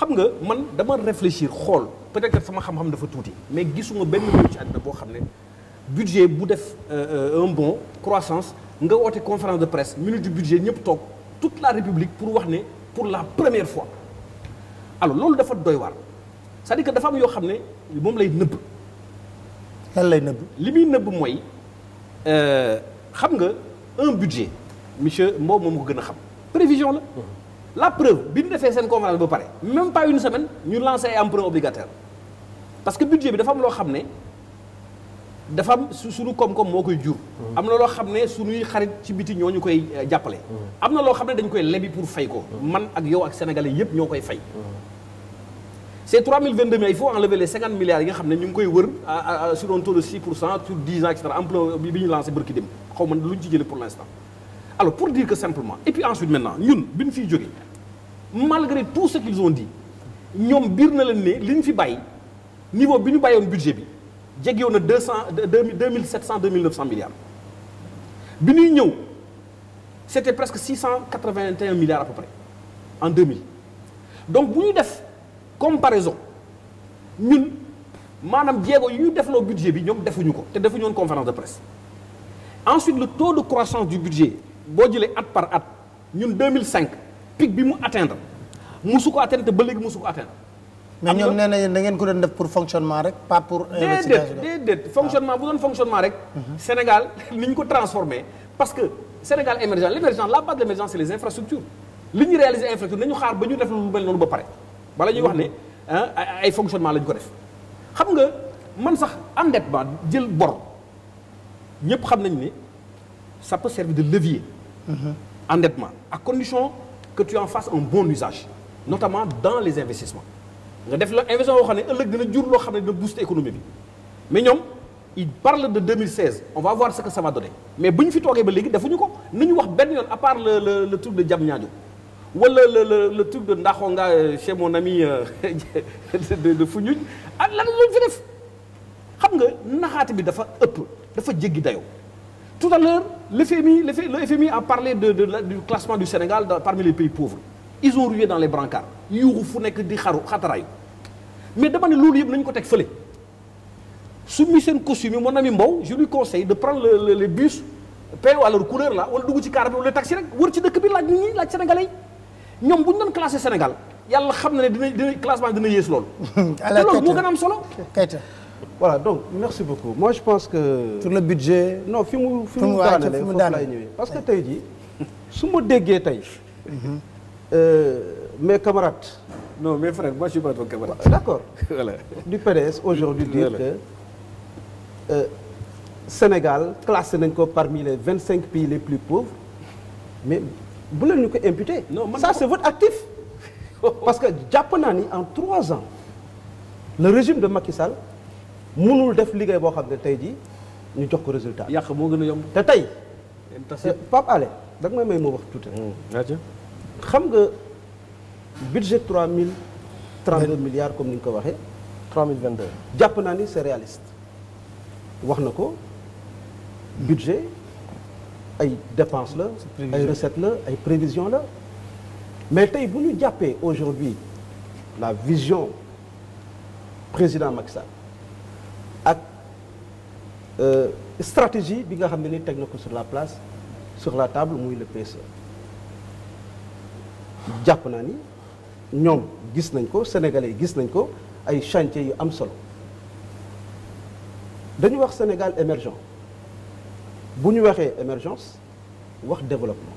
xam nga man dama réfléchir xool peut-être sama xam-xam dafa tuuti mais gisuma benn réew ci àddina boo xam ne budget bu def un bon croissance nga woote conférence de presse minute du ñëpp toog. toute la république pour wax ne pour la première fois alors loolu dafa doy waar cest di que dafa am yoo xam ne moom lay nëbb. lan lay nëbb. li muy nëbb mooy euh, xam nga un budget monsieur Mbow moom ko gën a xam prévision la. Mmh. la preuve bi ñu defee seen conférence ba pare. même pas une semaine ñu lancé ay emprunt obligataire parce que budget bi dafa am loo xam ne. dafa am su sunu koom-koom moo koy jur. am na loo xam ne suñuy xarit ci biti ñoo ñu koy eh, jàppale. am na loo xam ne dañ koy lebi pour fay ko. man ak yow ak sénégalais yëpp ñoo koy fay. ces 3022 milliards il faut enlever les 50 milliards yi nga xam ne ñu ngi koy wër ah, ah, ah, sur un taux de 6 pour cent sur 10 ans et cetera emploi bi ñu lancé barki dem xaw ma lu ñu ci jëlee pour l' instant. alors pour dire que simplement et ensuite maintenant ñun bi ñu fiy jógee malgré tout ce qu' ils ont dit ñoom biir na leen ne li ñu fi bàyyi niveau bi ñu bàyyoon budget bi. jéggiwoon na deux cent deux mille sept cent deux mille neuf cent milliards bi ñuy ñëw c' était presque six cent quatre vingt et un milliards à peu en deux mille donc bu ñu def comparaison ñun maanaam jéego yu ñu defloo budget bi ñoom defuñu ko te defuñu woon conférence de presse ensuite le taux de croissance du budget boo jëlee at par at ñun 2005 pic bi mu atteindre musu ko atteindre te ba léegi musu ko atteindre. ma ñoom nee nañu da ngeen ko doon def pour fonctionnement rek pas pour. investigation déedéet déedéet fonctionnement bu doon fonctionnement rek. Ah. Mhm. Sénégal ni ñu ko transformé parce que Sénégal émergent l' émergence la base de l' émergence c' est les infrastructures li ñu réaliser infrastructure nañu xaar ba ñu def lu mel noonu ba pare. bala ñuy wax ne mhm. ay fonctionnement la ko def xam nga man sax endettement jël bor ñëpp xam nañ ni sa peut servir de levier. endettement mhm. à condition que tu en fasses un bon usage notamment dans les investissements. nga def la investissement boo xam ne ëllëg dina jur loo xam ne dina booster économie bi mais ñoom il parle de 2016 on va voir ce que donner mais bu ñu fi toogee ba léegi ñu ko nañu wax benn yoon à part le le le truc de Diamniadio wala le le le truc de Ndaxonga euh, chez mon ami euh, de de Foundiougne ah lan lañ fi def xam nga naxaate bi dafa ëpp dafa jéggi dayoo. tout à l'heure le FMI le a parlé de de du classement du Sénégal dans parmi les pays pauvres ils ont rué yuuxu fu nekk di xaru xataraayu mais dama ne loolu yëpp nañu ko teg fële su mi seen costume yi mon ami Mbow je lui conseille de prendre le le bus paye wala couleur dugg ci car bi wala taxi rek wër ci dëkk bi laaj nit ñi laaj sénégalais ñoom bu ñu doon classé Sénégal yàlla xam na ne dina dina classement dina yées loolu. te loolu moo gën a am solo. kayita voilà donc merci beaucoup moi je pense que. le budget. non fi mu fi mu daanalee foofu laay ñëwee parce que tey ji su ma déggee tey. Mhm. Euh, mes camarades. non mes frères moi je suis pas ton camarade. d'accord voilà. du PDS aujourd'hui dire voilà. que euh, Sénégal nañ ko parmi les vingt cinq pays les plus pauvres mais bu leen ñu ko imputer. non man ça c'est votre actif. parce que jàpp naa ni en trois ans le régime de Macky Sall mënul def liggéey boo xam ne tey jii ñu jox ko résultat. yàq moo gën a yomb. te tey. Pape Alé da nga may may ma wax tuuti. Mm, xam nga. budget 3000. 32 milliards comme ni nga ko waxee. 3022. jàpp naa ni c'est réaliste wax na ko budget ay dépenses la. ay recettes la ay prévisions la. mais tey bu ñu jàppee aujourd'hui la vision président Macky Sall ak euh, stratégie bi nga xam ne ni teg na ko sur la place sur la table muy le PSE jàpp naa ni. ñoom gis nañ ko sénégalais gis nañ ko ay chantier yu am solo dañu wax Sénégal émergent bu ñu waxee émergence wax développement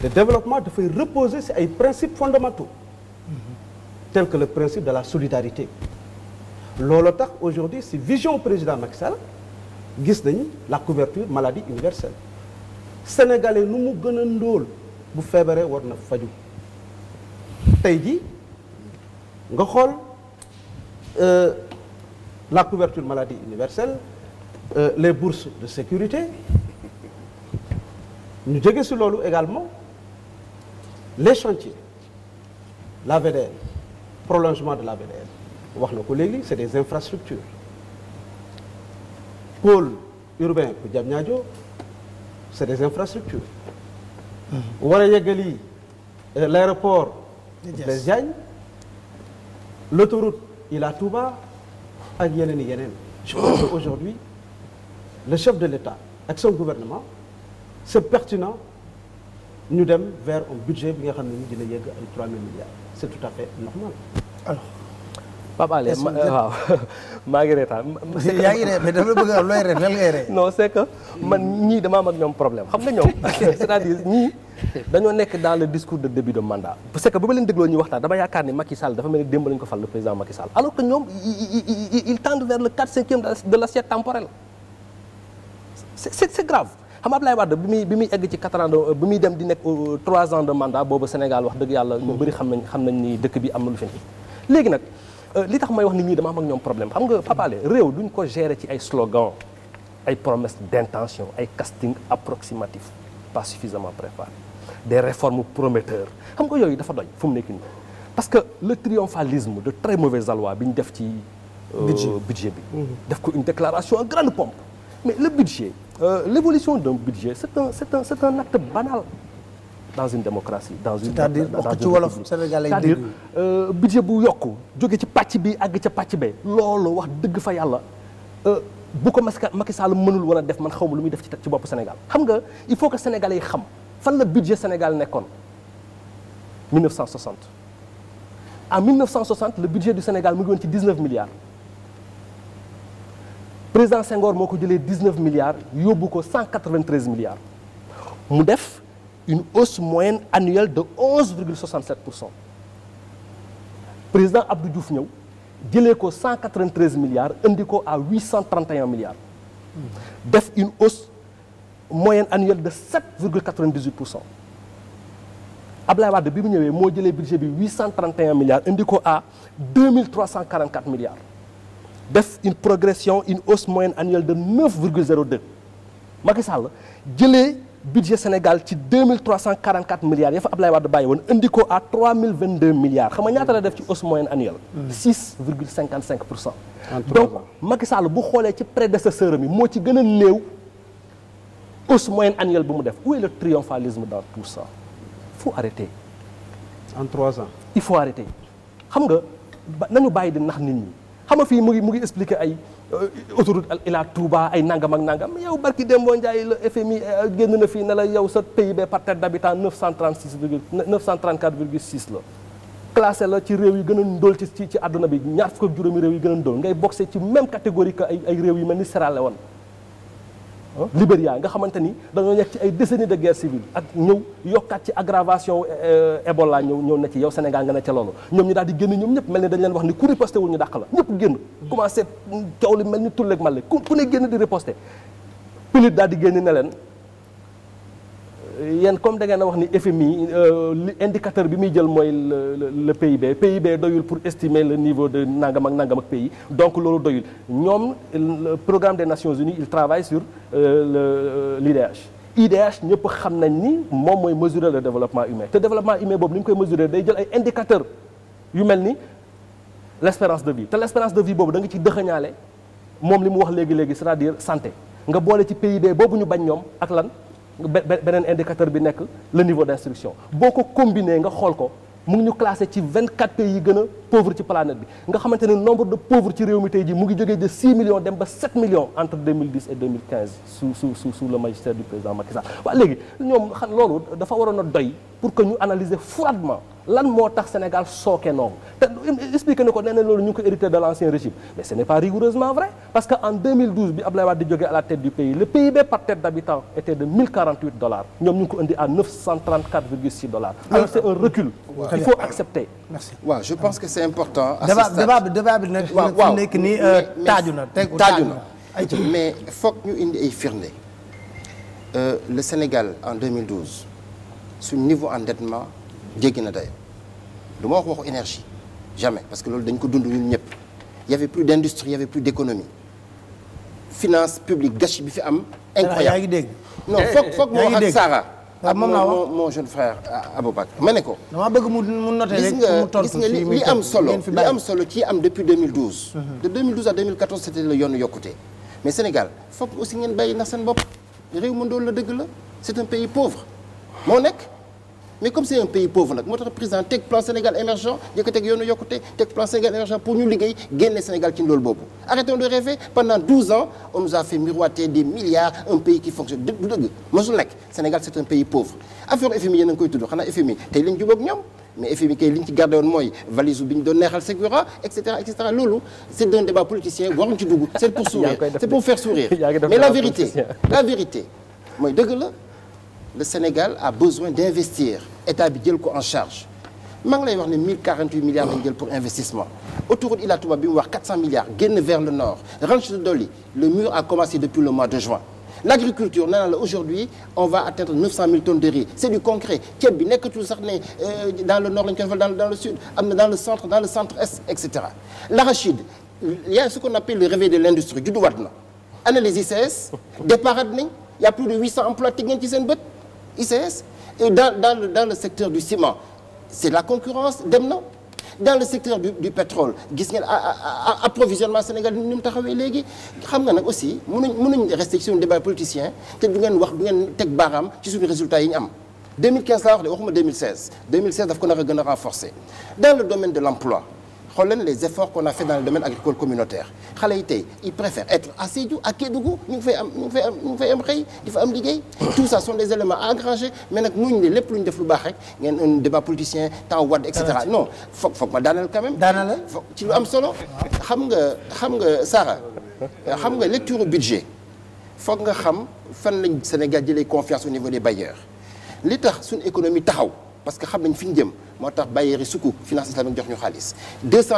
te développement dafay reposer ci ay principes fondamentaux tels que le principe de la solidarité loolu tax aujourd'hui si vision président Macky Sall gis nañ la couverture maladie universelle sénégalais nu mu gën a ndóol bu feebaree war na faju tey ji nga xool euh, la couverture maladie universelle euh, les bourses de sécurité ñu jóge si loolu également les chantiers la VDN prolongement de la VDN wax na ko léegi c'est des infrastructures pôle urbain bu Diamniadio c'est des infrastructures war a yeggali euh, l'aéroport Blaise Diagne l'autoroute Ila Touba ak yeneen i yeneen je pense que aujourd'hui le chef de l'État ak son gouvernement c'est pertinent ñu dem vers un budget bi nga xam ne ni dina yegg ay 3 000 milliards c'est tout à fait normal Pape Alé waaw maa ngi reetaan. yaa ngi ree mais bëgg a looy ree lan non c'est que man ñii dama am ak ñoom problème xam nga ñoom c'est-à-dire ñii dañoo nekk dans le discours de début de mandat. parce que bu ma leen dégloo ñuy waxtaan dama yaakaar ni Macky Sall dafa mel ni démb lañu ko fal le président Macky Sall que ñoom il tendent vers le 4/5e de l'assiette temporelle c'est c'est grave. xam nga Abdoulaye Wade bi muy bi muy egg ci quatre ans de muy dem di nekk euh, trois ans de mandat boobu Sénégal wax dëgg yàlla ñu bëri xam nañ xam nañ ni dëkk bi am na léegi nag Euh, li tax may wax ni ñi dama am ak ñoom problème xam nga Fapal réew ñu ko gérer ci ay slogan ay promesses d'intention ay casting approximatif pas suffisamment préparé des réformes prometteurs xam nga yooyu dafa doy fu mu nekk nii parce que le triomphalisme de très mauvais aloi bi ñu def ci. Euh, budget bi. Mhm. def ko une déclaration en grande pompe mais le budget euh, l'évolution d'un budget c'est un c'est un acte banal. dans une démocratie dans une. c'est-à-dire wax ci euh, budget bu yokku jóge ci pàcc bi àgg ca pàcc be loolu wax dëgg fa yàlla euh, bu ko Macky Sall mënul woon a def man xaw ma lu muy def ci bopp Sénégal xam nga il faut que sénégalais yi xam fan la budget Sénégal nekkoon 1960 en 1960 le budget du Sénégal mu ngi woon ci 19 milliards. président Senghor moo ko jëlee 19 milliards yóbbu ko 193 milliards mu def. une hausse moyenne annuelle de 11,67 pour cent président Abdou Diouf ñëw jëlee ko 193 milliards indi ko à 831 milliards def une hausse moyenne annuelle de 7,98 pour cent Ablaye Wade bi mu ñëwee moo jëlee budget bi 831 milliards indi ko à 2344 milliards def une progression une hausse moyenne annuelle de 9,02 Macky Sall jëlee. budget Sénégal ci 2344 milliards ya fa Ablaye Wade bàyyi woon indi ko à 3022 milliards xam nga ñaata la def ci hausse moyenne annuelle. 6 virgule 55 pour cent. donc Macky Sall bu xoolee ci prédécesseur mi moo ci gën a néew hausse moyenne annuelle bi mu def où est le triomphalisme dans tout ça il faut arrêter. ans. il faut xam nga ba nañu bàyyi di nax nit ñi xam nga fii mu ngi mu ngi expliquer ay. Euh, autoroute ila Touba ay nangam ak nangam yow barki Dembo Ndiaye la FMI euh, génn na fii ne la yow sa PIB par tête d'habitant 936 virgule 934 virgule 6 la. classé la ci réew yi gën a ndóol ci ci àdduna bi ñaar fukk ak juróomi réew yi gën a ndóol ngay boxe ci même catégorie que ay réew yi mel ni Sierra Leone Libéria nga xamante ni dañoo nekk ci ay décennies de guerre civile ak ñëw yokkaat ci aggravation euh, Ebola ñëw ñëw na ci yow Sénégal nga ne ca loolu ñoom ñu daal di génn ñoom ñëpp mel ni dañ leen wax ni ku riposté wul ñu dàq la ñëpp génn commencé coow li mel ni tulleeg male ku ne génn di riposté pilit daal di génn ne leen yéen comme da ngeen wax ni FMI euh, li indicateur bi muy jël mooy le le PIB PIB doyul pour estimer le niveau de nangam ak nangam ak pays donc loolu doyul ñoom programme des Nations Unies il travaille sur euh, le euh, l'IDH IDH ñëpp xam nañ ni moom mooy mesurer le développement humain te développement humain boobu ni ñu koy mesurer day jël ay indicateurs yu mel ni l'espérance de vie te l'espérance de vie boobu da nga ci dëxëñaale moom li mu wax léegi léegi c'est-à-dire santé nga boole ci PIB boobu ñu bañ ñoom ak lan. beneen indicateur bi nekk le niveau d'instruction boo ko combiné nga xool ko mu ngi ñu classé ci 24 pays yi gën a pauvre ci planète bi nga xamante ne nombre de pauvres ci réew mi tey jii mu ngi jógee de 6 millions dem ba 7 millions entre 2010 et 2015 su sous sous sous le magistère du président Macky Sall waaw léegi ñoom loolu dafa waroon a doy pour que ñu analyser froidement lan moo tax Sénégal sooke noonu te expliqué ko nee na loolu ñu ngi ko de l' ancien régime mais ce n' est pas rigoureusement vrai parce que en 2012 bi Abdoulaye à la tête du pays le PIB par tête d' habitant était de dollars ñoom ñu ngi indi à dollars. alors c' un recul. il faut accepter. je pense que c' important. à ce stade débat bi débat bi nag. waaw waaw nekk nii euh, taaju na taaju na. mais foog ñu indi ay firnde. Euh, le Sénégal en 2012 suñu niveau endettement. jéggi na dayo du ma wax waxu énergie jamais parce que loolu dañ ko dund ñun ñëpp y avait plus d'industrie y avait plus d'économie finance publique gâchis bi fi am incroyable yaa ngi dégg non eh, foog foog moo wax ak Sara ah moom laa wax mon jeune frère euh, Aboubacar ma ne ko dama bëgg mu noter rek mu tontu gis solo li am solo ci am depuis 2012 mhm. de 2012 à 2014 c'était le yoonu yokkute mais Sénégal foog aussi ngeen bàyyi na seen bopp réew ma ndool la dëgg la c'est un pays pauvre moo nekk mais comme c'est un pays pauvre nag moo tax président teg plan Sénégal émergent jëkk teg yoonu yokkute teg plan Sénégal émergent pour ñu liggéey génne Sénégal ci loolu boobu arrêtons de rêver pendant ans on nous a miroiter des milliards un pays qui fonctionne dëgg du dëgg mosul nekk Sénégal c'est un pays pauvre affaire FMI yéen a koy tudd xanaa FMI tey li ñu jubóog ñoom mais FMI kay li ñu ci gardé woon mooy valise bi ñu doon neexal Segura et cetera la le Sénégal a besoin d'investir état bi jël en charge maa ngi milliards pour investissement autoroute Ila Touba bi mu milliards génn vers le nord Ranch Dolly le mur a commencé depuis le mois de juin l'agriculture nee aujourd'hui on va atteindre tonnes de riz c'est du concret ceeb bi nekkatul sax ne euh, dans le nord le sud am na dans le centre est et cetera l'arachide il a ce qu'on appelle le réveil de l'industrie judduwaat na analyse ICS et dans dans le secteur du ciment c'est la concurrence dem na dans le secteur du du pétrole gis ngeen approvisionnement Sénégal ni mu taxawee léegi xam nga nag aussi mënuñ mënuñ rester ci suñu débat politicien te du ngeen wax du ngeen teg baaraam ci suñu résultats yi ñu am 2015 laa de waxuma 2016 2016 daf ko nar a gën renforcer dans le domaine de l'emploi xool leen les efforts qu'on a fait dans le domaine agricole communautaire xale yi tey ils préfèrent être à Sédhiou à Kédougou ñu ngi fay ñu ngi fay am ñu xëy di fa am liggéey tout ça sont des éléments à engranger mais nag muñ ne lépp lu ñu def lu baax rek ngeen un débat politicien temps wadd et cetera non foog foog ma daanal quand même daanal ci lu am solo xam nga xam nga Sara xam nga lecture budget foog nga xam fan lañ Sénégal jëlee confiance au niveau des bailleurs li tax suñu économie taxaw parce que xam nañ fi ñu jëm moo tax Bayeri Sukuk finance islamique jox ñu xaalis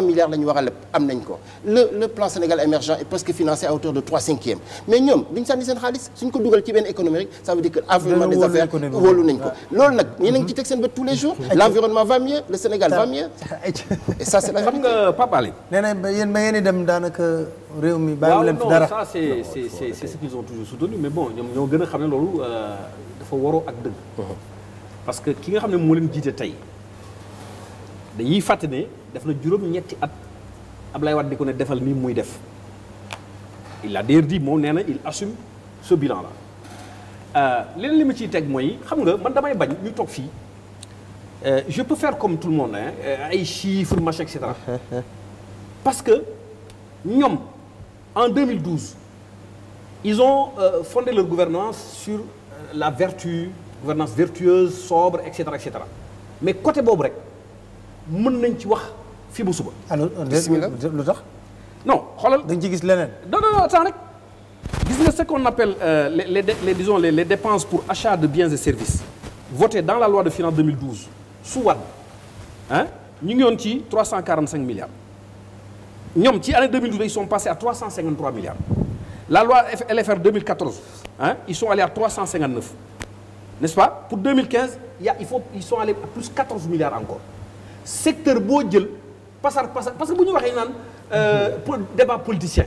milliards la ñu a leb am nañ ko le plan Sénégal émergent est presque financé à hauteur de 3 cinquième mais ñoom duñ sànni seen xaalis suñ ko dugal ci benn économie rek ça veut dire que environnement des affaires wóolu nañ ko loolu nag ñi nañ ci mm-hmm. teg seen bët tous les jours mm-hmm. l' environnement va mieux le Sénégal va mieux et ça c'est la xam nga Papa Ali nee na yéen ba mi bàyyi leen fi dara ça c'est c'est c'est mais bon ñoom ñoo gën a xam ne loolu euh, dafa waroo ak parce que ki nga xam ne moo leen jiite tey dañuy fàtte ne def na juróom-ñetti at Ablaye lay di ko ne defal nii muy def il a d'ailleurs dit moom nee na il assume ce bilan là. Euh, leneen li ma ciy teg mooy xam nga man damay bañ ñu toog fii euh, je peux faire comme tout le monde euh, ay chiffres machin et cetera parce que ñoom en 2012 ils ont fonde leur gouvernance sur la vertu. gouvernance vertueuse sobre et cetera mais côté boobu rek mën nañ ci wax fii ba suba. Ah, bisimilah lu tax. non xoolal dañ ci gis leneen. non non non attends rek gis nga ce qu'on appelle euh, les les les disons les les dépenses pour achat de biens et services votées dans la loi de finances 2012 su Wade ñu ngi yoon ci 345 milliards ñoom ci année 2012 ils sont passés à 353 milliards la loi LFR ils sont allés à n'est-ce pas pour 2015 y' a il faut ils sont allés à milliards encore secteur boo jël pasar pasar parce que bu ñu waxee naan euh, pour débat politicien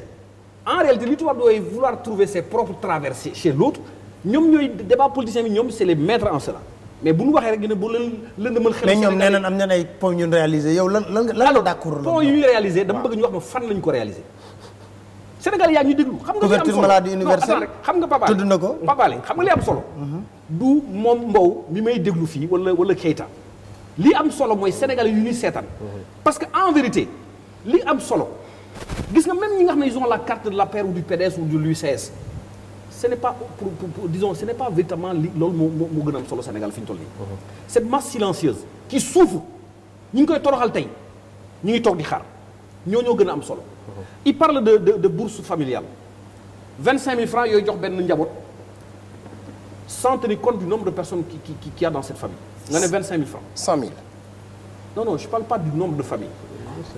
en réalité li tubaab chez l'autre ñoom ñooy débat politicien bi ñoom c'est les maîtres en cela mais bu ñu waxee rek gën a bu leen lan lan lan la d'accord. dama bëgg ñu wax ma fan lañu ko réalisé. Sénégal yaa ñu déglu. xam nga li am solo xam nga Pape Alé tudd ko Pape xam nga li am solo. Mhm. du moom Mbow bi may déglu fii wala wala Keita li am solo mooy sénégal yu ñuy seetaan. Mhm. parce que en vérité li am solo gis nga même ñi nga xam ne ils la carte de la paire ou du PDS ou de l'UCS ce n'est pas pour, pour, pour ce n'est pas véritablement li loolu moo moo moo gën a am solo Sénégal fi ñu toll nii. Mhm. cette masse silencieuse qui souffre ñi ngi koy toroxal tey ñu ngi toog di xaar ñoo ñoo gën a am solo. Mhm. il parle de de de bourse familiale 25000 francs yooyu jox benn njaboot. sans tenir compte du nombre de personnes qui qui qui, qui y dans cette famille. nga ne 25000 francs. 100000. non je parle pas du nombre de familles.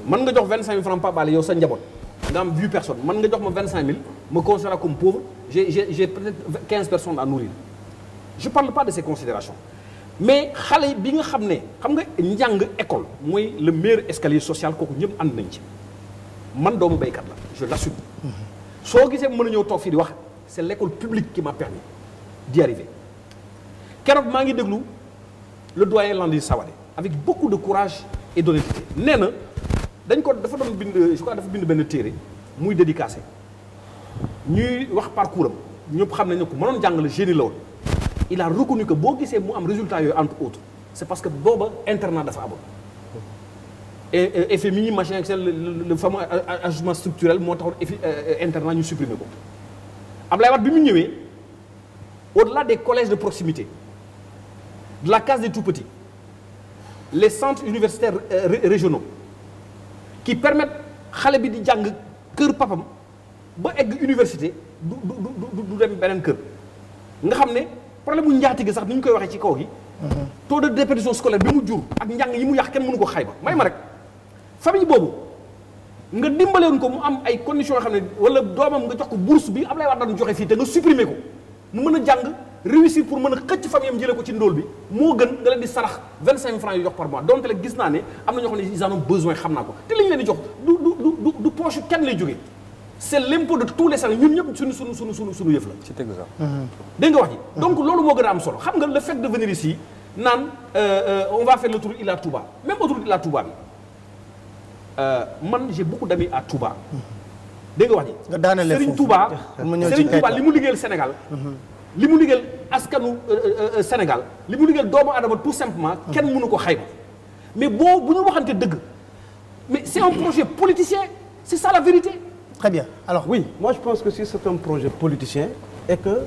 mën nga jox 25000 francs Pape Alé yow sa njaboot. nga am 8 personnes mën nga jox ma 25000 ma considère comme pauvre j'ai j'ai j'ai peut-être 15 personnes à nourrir je parle pas de ces considérations mais xale bi nga xam ne xam nga njàng école mooy le meilleur escalier social kooku ñëpp ànd nañ ci man doomu béykat la je l'assume. Mhm. soo gisee mën a ñëw toog fii di wax c'est l'école publique qui m'a d'y arriver keroog maa ngi déglu le doyen Landry Savané avec beaucoup de courage et d'honnêteté nee na dañ ko dafa doon bind je crois dafa bind benn téere muy dédicacé ñuy wax parcours am ñëpp xam nañ ne ko mënoon jàngale génie la woon il a reconnu que boo gisee mu am résultat yooyu entre autres c'est parce que booba internat dafa amoon et FMI machin ak le fameux ajustement structurel moo taxoon euh, internat ñu supprimer ko Ablaye Wade bi mu au-delà des collèges de proximité de la case des tout-petits les centres universitaires euh, régionaux qui permettent xale bi di jàng kër papam ba egg université du du du dem beneen kër nga xam ne problème mu njaatige sax ni ñu koy waxee ci kaw gi. taux de déperdition scolaire bi mu jur ak njàng yi mu yax kenn mënu ko xayma may ma rek famille boobu nga dimbaleen ko mu am ay conditions yoo xam ne wala doomam nga jox ko bourse bi Ablaye Wade doon joxe fii te nga supprimer ko. mu mën a jàng réussir pour mën a xëcc famille am jëlee ko ci ndool bi moo gën nga leen di sarax vingt cinq mille francs yu jox par mois donte nag gis naa ne am na ñoo xam ne ils en besoin xam naa ko te li ñu leen di jox du du du poche kenn lay jógee c' est l' impôt de tous les salariés ñun ñëpp suñu suñu sunu sunu suñu yëf la. ci mhm. nga wax ji. Mhm. donc loolu moo gën a am solo xam nga la fait de venir ici naan euh, euh, on va faire l'autoroute Ila Touba même autoroute Ila Touba bi euh, man j'ai beaucoup d'amis à Touba. Mhm. dégg nga wax ji. nga daanale foofu Serigne Touba Serigne Touba li mu liggéeyal Sénégal. li mu liggéeyal askanu euh, euh, euh, Sénégal li mu liggéeyal doomu adama tout simplement. kenn mënu ko xayma. mais boo bu ñu waxante dëgg mais c'est un projet politicien c'est ça la vérité. alors oui moi je pense que si c'est un projet politicien et que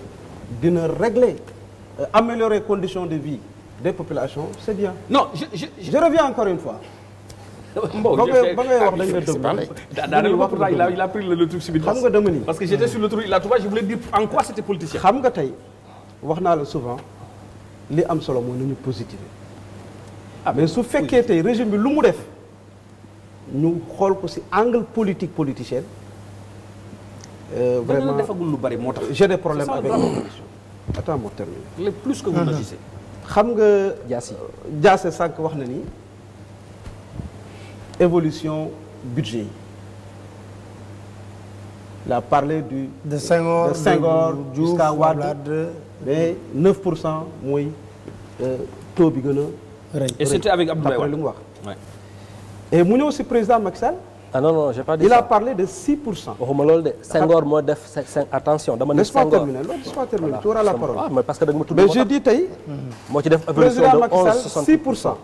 dina régler améliorer conditions de vie des populations c'est bien. non je je reviens encore une fois. Mbow ba ngay wax ah, dañ a il a nga dama ni a trouvé je voulais dire en quoi c'était xam nga tey wax naa la souvent li am solo mooy nañu positiver ah mais su fekkee tey régime bi lu mu def ñu xool ko ci angle politique politicienne. Euh, vraiment defagul lu bari moo tax. j'ai des problèmes avec l'opposition. attends moo terminer. plus que vous xam nga. Diassé Diassé sànq wax na ni. évolution budget yi la parler du. de Senghor de Senghor jusqu'à Wade mais 9 pour cent mooy euh, taux bi gën a. rëy et c'était avec Abdoulaye Wade li mu wax. et mu ñëw si président Macky Sall. ah non non j'ai pas dit il ça. a parlé de 6 pour cent. waxuma loolu de Senghor moo def attention dama ne. Senghor laisse-moi terminer laisse-moi terminer tu auras la parole. ah mais parce que da nga ma tudd mais je dis tey. moo ci def évolution de 11 60 président Macky Sall 6 pour cent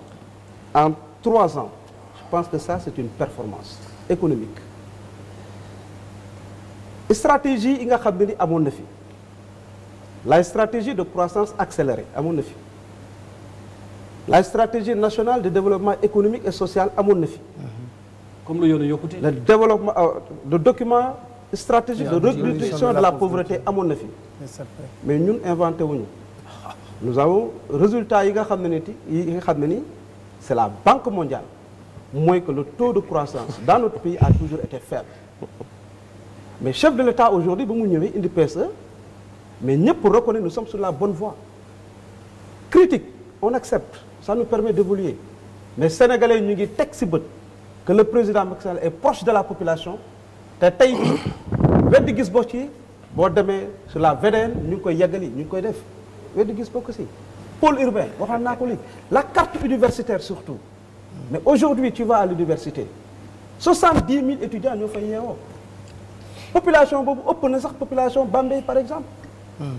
en 3 ans. pense que ça c'est une performance économique stratégie yi nga xam ne ni amoon na fi la stratégie de croissance accélérée amoon na fi la stratégie nationale de développement économique et sociale amoon na fi mm-hmm. comme lu yoonu yokkute le développement euh, le document stratégique de réduction de la pauvreté amoon na fi mais ñun inventé wuñu nous avons résultat yi nga xam ne ni yi nga xam ne ni c'est la banque mondiale mooy que le taux de croissance dans notre pays a toujours été faible mais chef de l'État aujourd'hui ba mu ñëwee indi PSE mais ñëpp reconnaît nous sommes sur la bonne voie critique on accepte ça nous permet d'évoluer mais sénégalais ñu ngi teg si bët que le président Macky Sall est proche de la population te tey weddi gis bokk ci boo demee sur la VDN ñu ngi koy yeggali ñu ngi koy def weddi gis bokk si pôle urbain waxaan naa ko léegi la carte universitaire surtout mais aujourd'hui tu vas à l'université soixante-dix mille étudiants ñoo fay yeewoo population boobu ëpp na sax population Bambey par exemple hmm.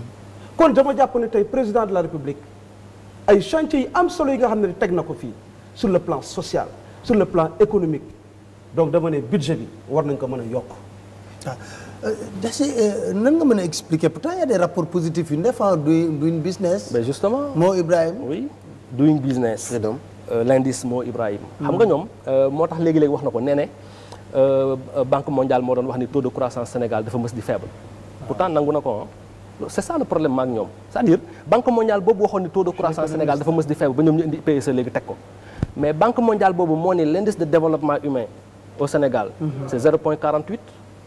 kon dama jàpp ne tey président de la République ay chantier yi am solo yi nga xam ne teg na ko fii sur le plan social sur le plan économique donc dama ne budget bi war nañ ko mën a yokk waaw ah. euh, dasi euh, nan nga mën a expliquer pourtant y a des rapports positifs yu ndefan doing business mais justement moo Ibrahima oui doing business Freedom. Euh, l'indice moo Ibrahim xam nga hmm. ñoom euh, moo tax léegi-léegi wax na ko nee ne euh, banque mondiale moo doon wax ni taux de croissance Sénégal dafa mës di faible pourtant nangu na ko c'est ça le problème maak ñoom c'est-à-dire banque mondiale boobu waxoon ni taux de croissance Sénégal dafa mës di faible ba ñoom ñu indi PSE léegi teg ko mais banque mondiale boobu moo ni l'indice de développement humain au Sénégal hmm. c'est 0.48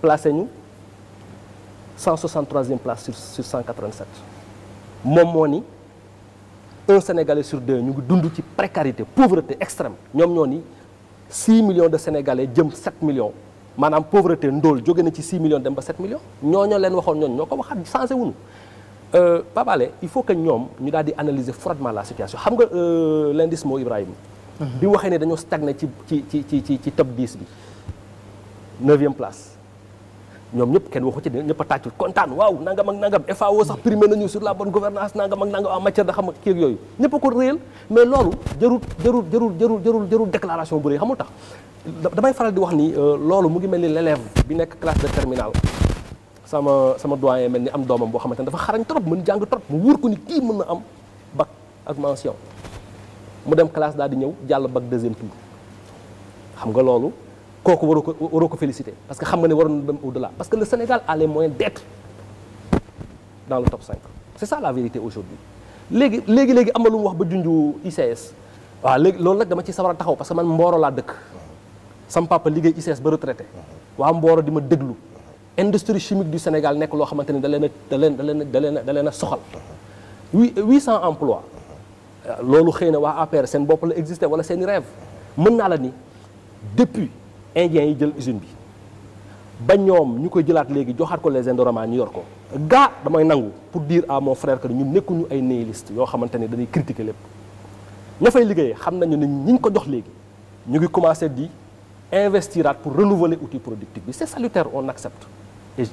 placé ñu 163e place sur sur moom moo ni un sénégalais sur deux ñu ngi dund ci précarité pauvreté extrême ñoom ñoo ni 6 millions de sénégalais jëm 7 millions maanaam pauvreté ndóol jóge na ci 6 millions dem ba 7 millions ñooñu leen waxoon ñooñu ñoo ko waxaat changé wuñu euh, Pape Alé il faut que ñoom ñu daal di analyser froidement la situation xam nga euh, l'indice moo Ibrahima. Mhm. bi mu waxee ne dañoo stagné ci ci ci ci ci top 10 bi 9e place. ñoom ñëpp kenn waxu ci ne ñëpp a tàccu kontaan waaw nangam ak nangam FAO sax primé nañu sur la bonne gouvernance nangam ak nangam en matière de xam ak kii ak yooyu ñëpp ko réel mais loolu jarul jarul jarul jarul jarul jarul déclaration bu rëy xamul tax damay faral di wax ni euh, loolu mu ngi mel ni l'élève bi nekk classe de terminale sama sama doyen mel ni am doomam boo xamante ne dafa xarañ trop mën jàng trop mu wóor ko ni kii mën na am bac ak mention mu dem classe daal di ñëw jàll bac deuxième tour nga loolu kooku waroo ko waroo ko féliciter parce que xam nga ne waroon dem au-delà parce que le Sénégal a les moyens d'être dans le top 5 c'est ça la vérité aujourd'hui léegi léegi léegi am na lu mu wax ba junju ICS waaw léegi loolu nag dama ci sawar a taxaw parce que man mbooro laa dëkk sam papa liggéey ICS ba retraité waa mbooro di ma déglu industrie chimique du Sénégal nekk loo xamante ni da leen a da leen da leen da leen da leen a soxal huit cent emplois loolu xëy na waa APR seen bopp la existé wala seen i mën naa la ni depuis indiens yi jël usine bi ba ñoom ñu koy jëlaat léegi joxaat ko les Indorama ñu yor ko gaa damay nangu pour dire à mon frère que ñu nekkuñu ay nihiliste yoo xamante ne dañuy critiquer lépp ña fay liggéeyee xam nañu ne ñu ñu ko jox léegi ñu ngi commencé di investiraat pour renouveler outil productif bi c'est salutaire on accepte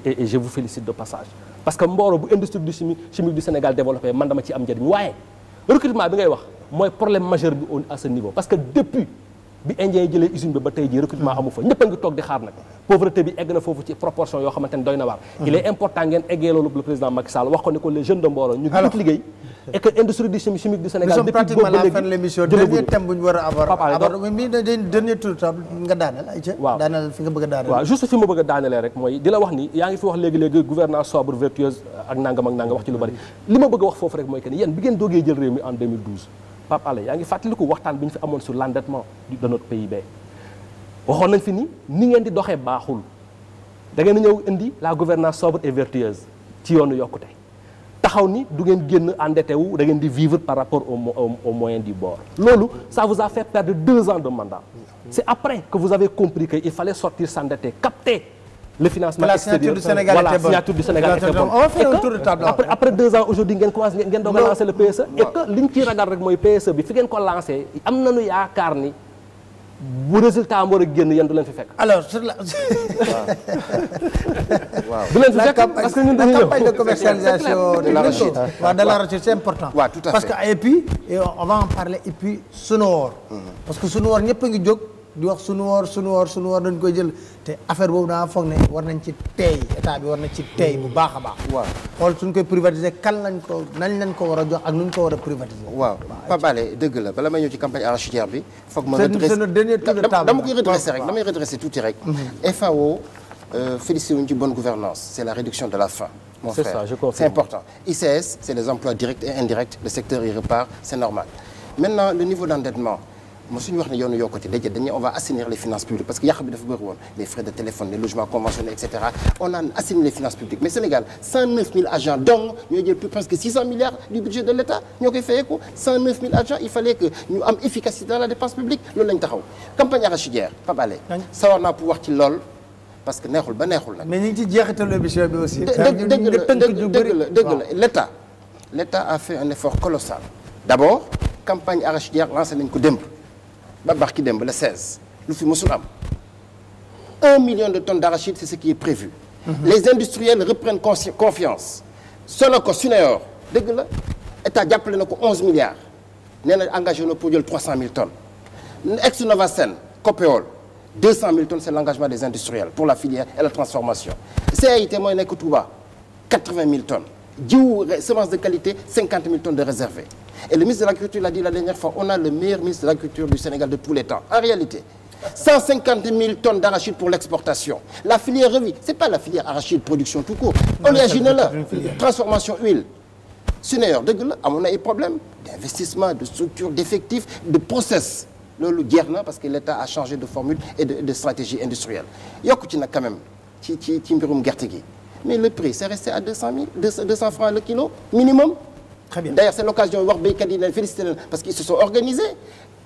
et je vous félicite de passage parce que Mboro bu industrie du chimie chimique du Sénégal développé man dama ci am njëriñ waaye recrutement ngay wax mooy problème majeur bi à parce que depuis bi indien yi jëlee usine bi ba tey jii recrutement amu fa ñëpp a ngi toog di xaar nag pauvreté bi egg na foofu ci proportion yoo xamante doy na waar mhm. il est important ngeen eggee loolu le président Macky Sall wax ko ne ko les jeunes de Mboro ñu ngi liggéey et bu ñu war a aborder a juste fi ma bëgg a daaneelee rek mooy di la wax ni yaa ngi fi wax léegi-léegi gouvernance sobre vertueuse ak nangam ak nangam wax ci lu bari li ma bëgg wax foofu rek mooy que Pape Alé yaa ngi fàttaliku waxtaan bi ñu fi amoon su l'endettement de notre PIB waxoon nañ fi ni ni ngeen di doxee baaxul da ngeen ñëw indi la gouvernance sobre et vertueuse ci yoonu yokkute taxaw ni du ngeen génn endetté wu da ngeen di vivre par rapport au au moyen du bord loolu ça vous a fait perdre deux ans de mandat c'est après que vous avez compris que il fallait sortir s'endetter capter le financement extérieur voilà signature du Sénégal était bonne après après deux ans aujourd'hui ngeen commencé ngeen doog a lancé le PSE et que liñ ragal rek mooy PSE bi fi ngeen ko lancé am nañu yaakaar ni bu résultat am war a génn yéen du leen fi fekk. alors du leen fi fekk parce que ñun dañuy ñëw la campagne de commercialisation de l'arachide parce que et puis et on va en mm-hmm. parce que Sunuwor ñëpp a ngi jóg. di wax sunu woor sunu woor sunu woor dañ koy jël te affaire boobu daa foog ne war nañ ci teey état bi war na ci bu baax a baax. waaw xool suñ koy privatiser kan lañ ko nañ lañ ko war a jox ak nu ñu ko war a privatiser. waaw Pape Alé dëgg la bala may ci campagne arachidière bi. foog ma redresse dama koy redresse rek damay redresse tuuti rek. Mm-hmm. FAO euh, félicité wuñ ci bonne gouvernance c'est la réduction de la faim. mon frère c'est ça je confirme c'est important ICS c'est les emplois directs et indirects le secteur y repart c'est normal maintenant mosuñu wax ne yoonu yokkute daje dañu on va assainir les finances publiques parce que yàq bi dafa bëri woon les frais de téléphone les logements conventionnels et on a assaini les finances publiques mais Sénégal 109000 donc ñoo jël plus presque milliards du budget de l'État ñoo koy fayee ko il fallait que ñu am efficacité dans la dépense publique loolu lañ taxaw campagne arachidière Fapal sawar naa pour wax ci lool. parce que neexul ba neexul nag. mais ñu ngi ci jeexitalu émission bi aussi. dëgg dëgg la dëgg l' a fait un effort colossal d' abord ko démb. ba barki dem ba le 16 lu fi mosul am un million de tonnes d'arachide c'est ce qui est prévu mmh. les industriels reprennent confiance Sonacos Suneor dëgg la état jàppale na ko 11 milliards ne na engagé na pour jël 300 000 tonnes Ex-Novasen Copéol 200 000 tonnes c'est l'engagement des industriels pour la filière et la transformation CAIT mooy nekk Touba 80 000 tonnes jiw semence de qualité 50 000 tonnes de réservé Et le ministre de l'Agriculture l'a dit la dernière fois, on a le meilleur ministre de l'Agriculture du Sénégal de tous les temps. En réalité, 150 000 tonnes d'arachide pour l'exportation. La filière revit. C'est pas la filière arachide production tout court. Oléagineux la transformation huile. Suneyor dëgg la amoon na ay problème d'investissement, de structure, d'effectifs, de process. loolu jeex na parce que l'État a changé de formule et de, de stratégie industrielle yokku ci nag quand même ci ci ci mbirum gerte gi mais le prix c'est resté à 200 000 200 francs le kilo minimum D'ailleurs, c'est l'occasion wax béykat yi leen félicité leen parce qu'ils se sont organisés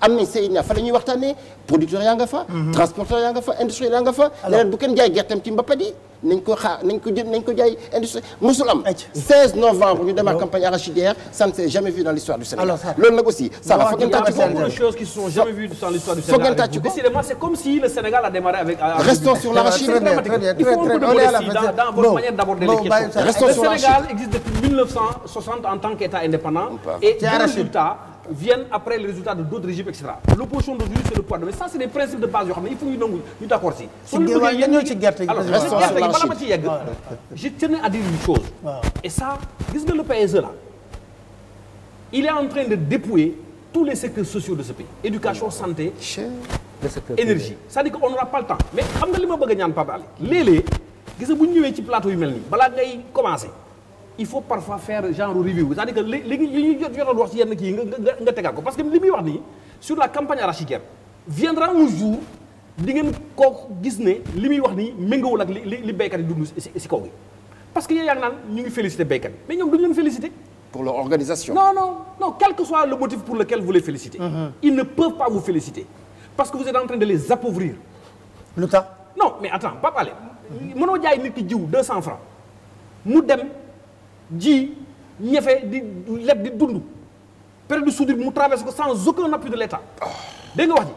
am nañ Seydina fa la ñuy waxtaanee producteur yaa nga fa. Mhm. transporteur yaa nga fa industriel yaa nga fa. alors bu kenn jaay gerteem ci mbapat yi nañ ko xaar nañ ko ne s'est jamais vu dans l'histoire du Sénégal. loolu nag aussi ça va foog de l'histoire du Sénégal. a démarré avec. restons sur l'arachide très bien très bien très bien Sénégal en tant qu'État indépendant. et résultat viennent après les résultats de d'autres régimes et cetera. l'opposition d'aujourd'hui c'est le poids de mais ça c'est des principes de base yoo xam ne il faut ñu nangu ñu d'accord si. su ñu bëggee yéen bala ma ci yegg. je tenais à dire une chose. et ça gis nga le PSE là. il est en train de dépouiller tous les secteurs sociaux de ce pays. éducation santé. énergie cest dire que on n'aura pas le temps. mais xam nga li ma bëgg ñaan Pape Alé léeg-léeg gis nga bu ñu ñëwee ci plateau y mel nii balaa ngay commencer. il faut parfois faire genre review c'est-à-dire que li li ñu jot jotoon wax ci yenn kii nga nga tegal ko parce que li muy wax nii sur la campagne arachidière viendra un jour di koo gis ne li muy wax nii méngawul ak li li béykat yi dund si kaw gi parce que yow yaa ngi naan ñu ngi félicité béykat yi mais ñoom duñu leen félicité. pour leur organisation. non non non quel que soit le motif pour le vous les félicitez. ils ne peuvent pas vous féliciter parce que vous êtes en train de les appauvrir. lu tax non mais attends Pape Alé mënoo jaay nit ki jiw mu dem. ji ñefe di leb di dund période de soudure mu traversé ko sans aucun appui de l'État dégg nga wax ji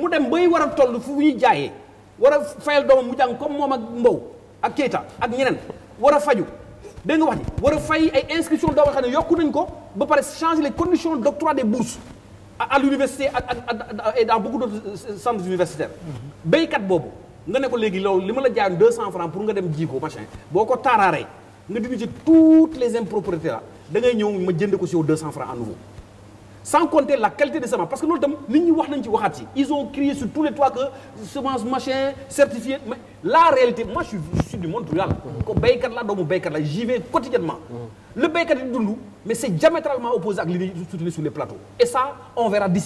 mu dem bay war a toll fu ñuy jaayee war a fayal doomam mu jàng comme moom ak Mbow ak Keita ak ñeneen war a faju dégg nga wax ji war a fay ay inscription doomam xam ne yokku nañ ko ba pare changer les conditions d'octroi des bourses à l'université ak ak et dans beaucoup d'autres euh, centres universitaires mhm. béykat boobu nga ne ko léegi loolu li ma la jaayoon deux cent fra pour nga dem ji ko machin boo ko taaraaree nga dindi ci toutes les impropriétés là da ñëw ma jënd ko si yow 200 francs à nouveau sans compter la qualité de semence parce que loolu itam nit ñi wax nañ ci waxaat si ils ont crié sur tous les toits que semence machin certifiée mais la réalité moi je suis, je suis du monde rural. ko béykat la doomu béykat la j'y vais quotidiennement mm-hmm. le béykat yi dund mais c'est diamétralement opposé ak li ñuy soutenir sur les plateaux et ça on verra leen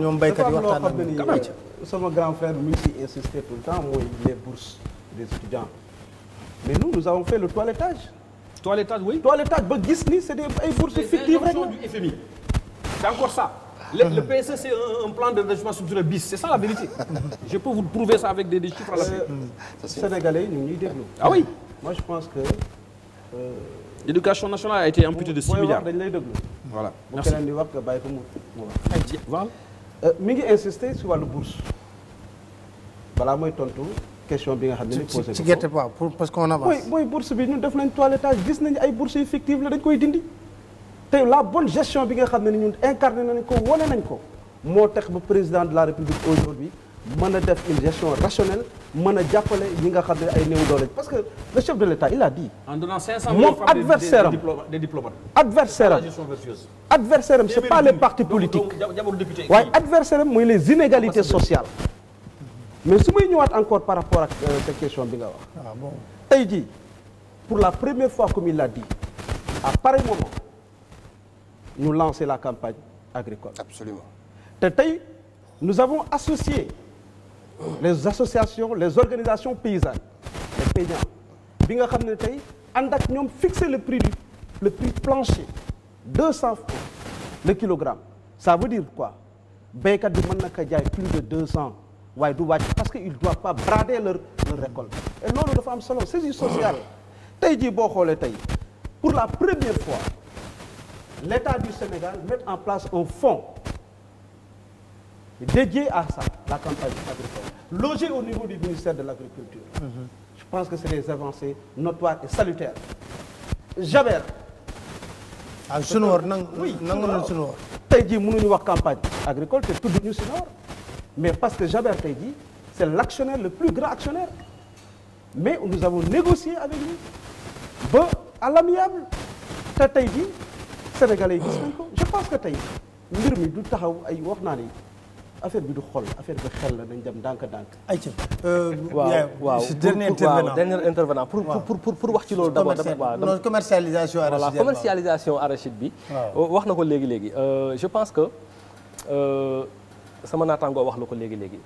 ñoom béykat yi waxtaan nañu. sama grand frère mu ngi si insister tout le temps mooy les bourses des étudiants mais nous nous avons fait le toilettage. toilettage oui gis ni c'est des ay bourses fictives rek du FMI c'est encore ça. Le, PSE e, c'est un, plan de redressement structurel bis c'est ça la vérité je peux vous prouver ça avec des, des à l'appui. Euh, Sénégalais yi ñu ngi ñuy déglu. ah oui moi je que. Euh, l'éducation nationale a été amputée de 6 milliards. dañ lay déglu. voilà merci Euh, mi ngi insister si wàllu bourse balaa mooy tontu question bi nga xam ne. posé ci gerte waaw pour parce qu'on avance. mooy mooy bourse bi ñun def nañ toilettage gis nañu ay bourses yu fictives la dañ koy dindi te la bonne gestion bi nga xam ne ñun incarné nañ ko wone nañ ko moo tax ba président de la république aujourd'hui mën a def une gestion rationnelle. mën a jàppale ñi nga xam ne ay néew doole parce que le chef de l'État il a dit. en donnant 500 000 femmes des adversaire am des diplomates. adversaire c'est pas les partis politiques. adversaire am les inégalités sociales. mais su may ñëwaat encore par rapport ak sa euh, question bi nga wax. ah tey jii pour la première fois comme il l'a dit à pareil moment nous lancer la campagne agricole. absolument te tey nous avons associé. les associations les organisations paysannes les paysans bi nga xam ne tey ànd ak ñoom fixer le prix du le prix plancher deux cent le kilogramme ça veut dire quoi béykat bi mën na ko jaay plus de deux cent waaye du wàcc parce que ils doivent pas brader leur leur récolte et loolu dafa am solo saisie sociale tey jii boo xoolee tey pour la première fois l'État du Sénégal met en place un fonds dédié à ça, la campagne agricole, logée au niveau du ministère de l'Agriculture. Mm -hmm. Je pense que c'est des avancées notoires et salutaires. Jaber. ah Sunoor nangu nangu na Sunoor. tey jii mënuñu wax campagne agricole te tudd ñu Sunoor mais parce que Jaber tey jii c' est le plus grand actionnaire mais nous avons négocié avec lui ba à l' amiable tey jii sénégalais yi gis nañ que tey mbir mi du taxaw ay wax naa affaire bi du xol affaire bi xel la nañ dem ndànk-ndànk. ayca euh, waaw waaw dernier intervenant dernier intervenant pour pour pour pour wax ci loolu. d'abord waaw commercialisation arachide voilà commercialisation bi. Euh, wax na ko léegi léegi euh, je pense que sama naataangoo wax la ko léegi léegi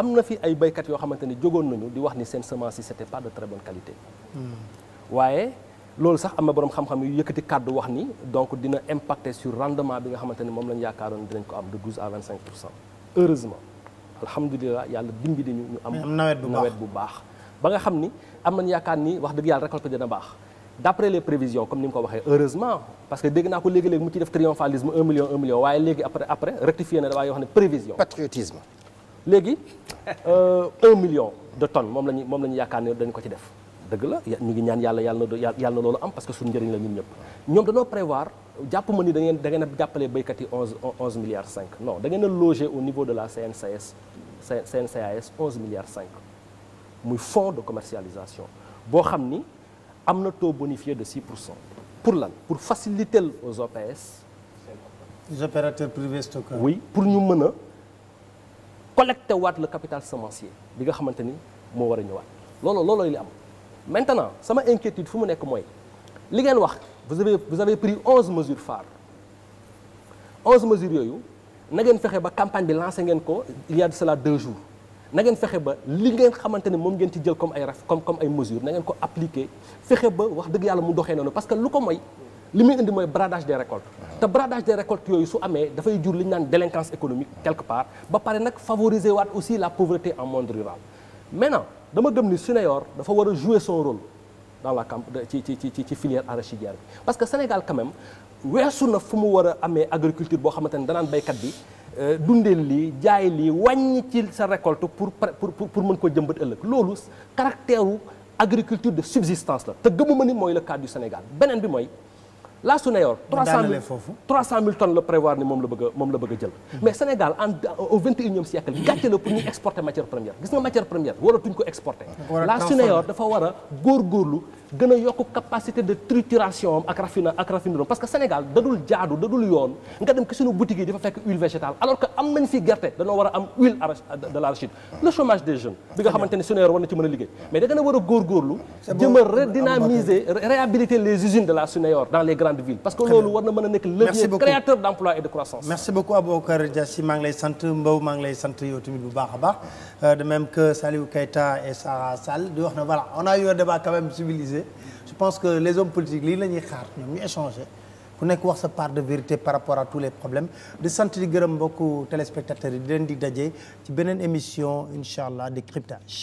am na fi ay baykat yoo xamante ni jógoon nañu di wax ni seen semence yi c'était pas de très bonne qualité. Hmm. waaye loolu sax am na boroom xam-xam yu yëkkati kàddu wax ni donc dina impacter sur rendement bi nga xamante ni moom lañ yaakaaroon dinañ ko am de douze à vingt cinq heureusement alhamdulilah yàlla dimbali ñu ñu am nawet bu baax ba nga xam ni am nañ yaakaar ni wax dëgg yàlla récolte dina baax d'après les prévisions comme ni mu ko waxee heureusement parce que dégg naa ko léegi-léegi mu ci def triomphalisme un million un million waaye léegi après après rectifié na dawaaye wax ne prévision patriotisme léegi euh, un million de tonnes moom lañu moom la ñu yaakaar ne dañ ko ci def dëgg la ñu ngi ñaan yàlla yàlla na yàlla na loolu am parce que suñu njëriñ la ñun ñëpp ñoom dañoo prévoir jàpp ma ni dangeen dangeen da ngeen a jàppale béykat yi onze onze milliards cinq non da ngeen a loger au niveau de la CNCS CNCAS onze milliards cinq muy fonds de commercialisation boo xam ni am na taux bonifié de 6 pour cent pour lan pour faciliter aux OPS. les opérateurs privés stockeurs. oui pour ñu mën a collecte waat le capital semencier bi nga xamante ni moo war a ñëwaat loolu looloo li am. maintenant sama inquiétude fu mu nekk mooy li ngeen wax vous avez vous avez pris onze mesures phares onze mesures yooyu na ngeen fexe ba campagne bi lancé ngeen ko il y a de cela deux jours na ngeen fexe ba li ngeen xamante ne moom ngeen ci jël comme ay raf comme ay mesures na ngeen ko appliqué fexe ba wax dëgg yàlla mu doxee noonu parce que lu ko mooy li muy indi mooy bradage des récoltes te bradage des récoltes yooyu su amee dafay jur li ñu naan délinquance économique quelque part ba pare nag favoriser waat aussi la pauvreté en monde rural maintenant dama gëm ni Suneor dafa war a jouer son rôle dans la camp ci ci ci ci filière arachidière bi parce que Sénégal quand même weesu na fu mu war a amee agriculture boo xamante ne danaan béykat bi euh, dundeel lii jaay lii wàññi ci sa récolte pour pour pour mën ko jëmbat ëllëg loolu caractère agriculture de subsistance la te gëmuma ni mooy le cas du Sénégal beneen bi mooy la Sunayor 300 000 300 000 tonnes la prévoir ni moom la bëgg a moom la bëgg a jël mais Sénégal en au 21e siècle gàcce la pour ñuy exporter matière première gis nga matière première waratuñ ko exporter la Sunayor dafa war a góorgóorlu gën a yokk capacité de trituration ak raffina ak parce que Sénégal dadul jaadu dadul yoon nga dem ki suñu boutique yi fekk huile végétale alors que am nañ fi gerte dañoo war a am huile de l'arachide le chômage des jeunes bi nga xamante ne suneer war na ci mën a liggéey mais da gën a war a góorgóorlu jëm a redynamiser réhabiliter les usines de la Suneor dans les grandes villes parce que loolu war na mën nekk levier créateur d'emploi et de croissance euh, de parce que les hommes politiques lii la ñuy xaar ñoom ñu échanger ku nekk wax sa part de vérité par rapport à tous les problèmes di sant di gërëm mbokku téléspectateurs yi di leen di daje ci beneen émission incha allah décryptage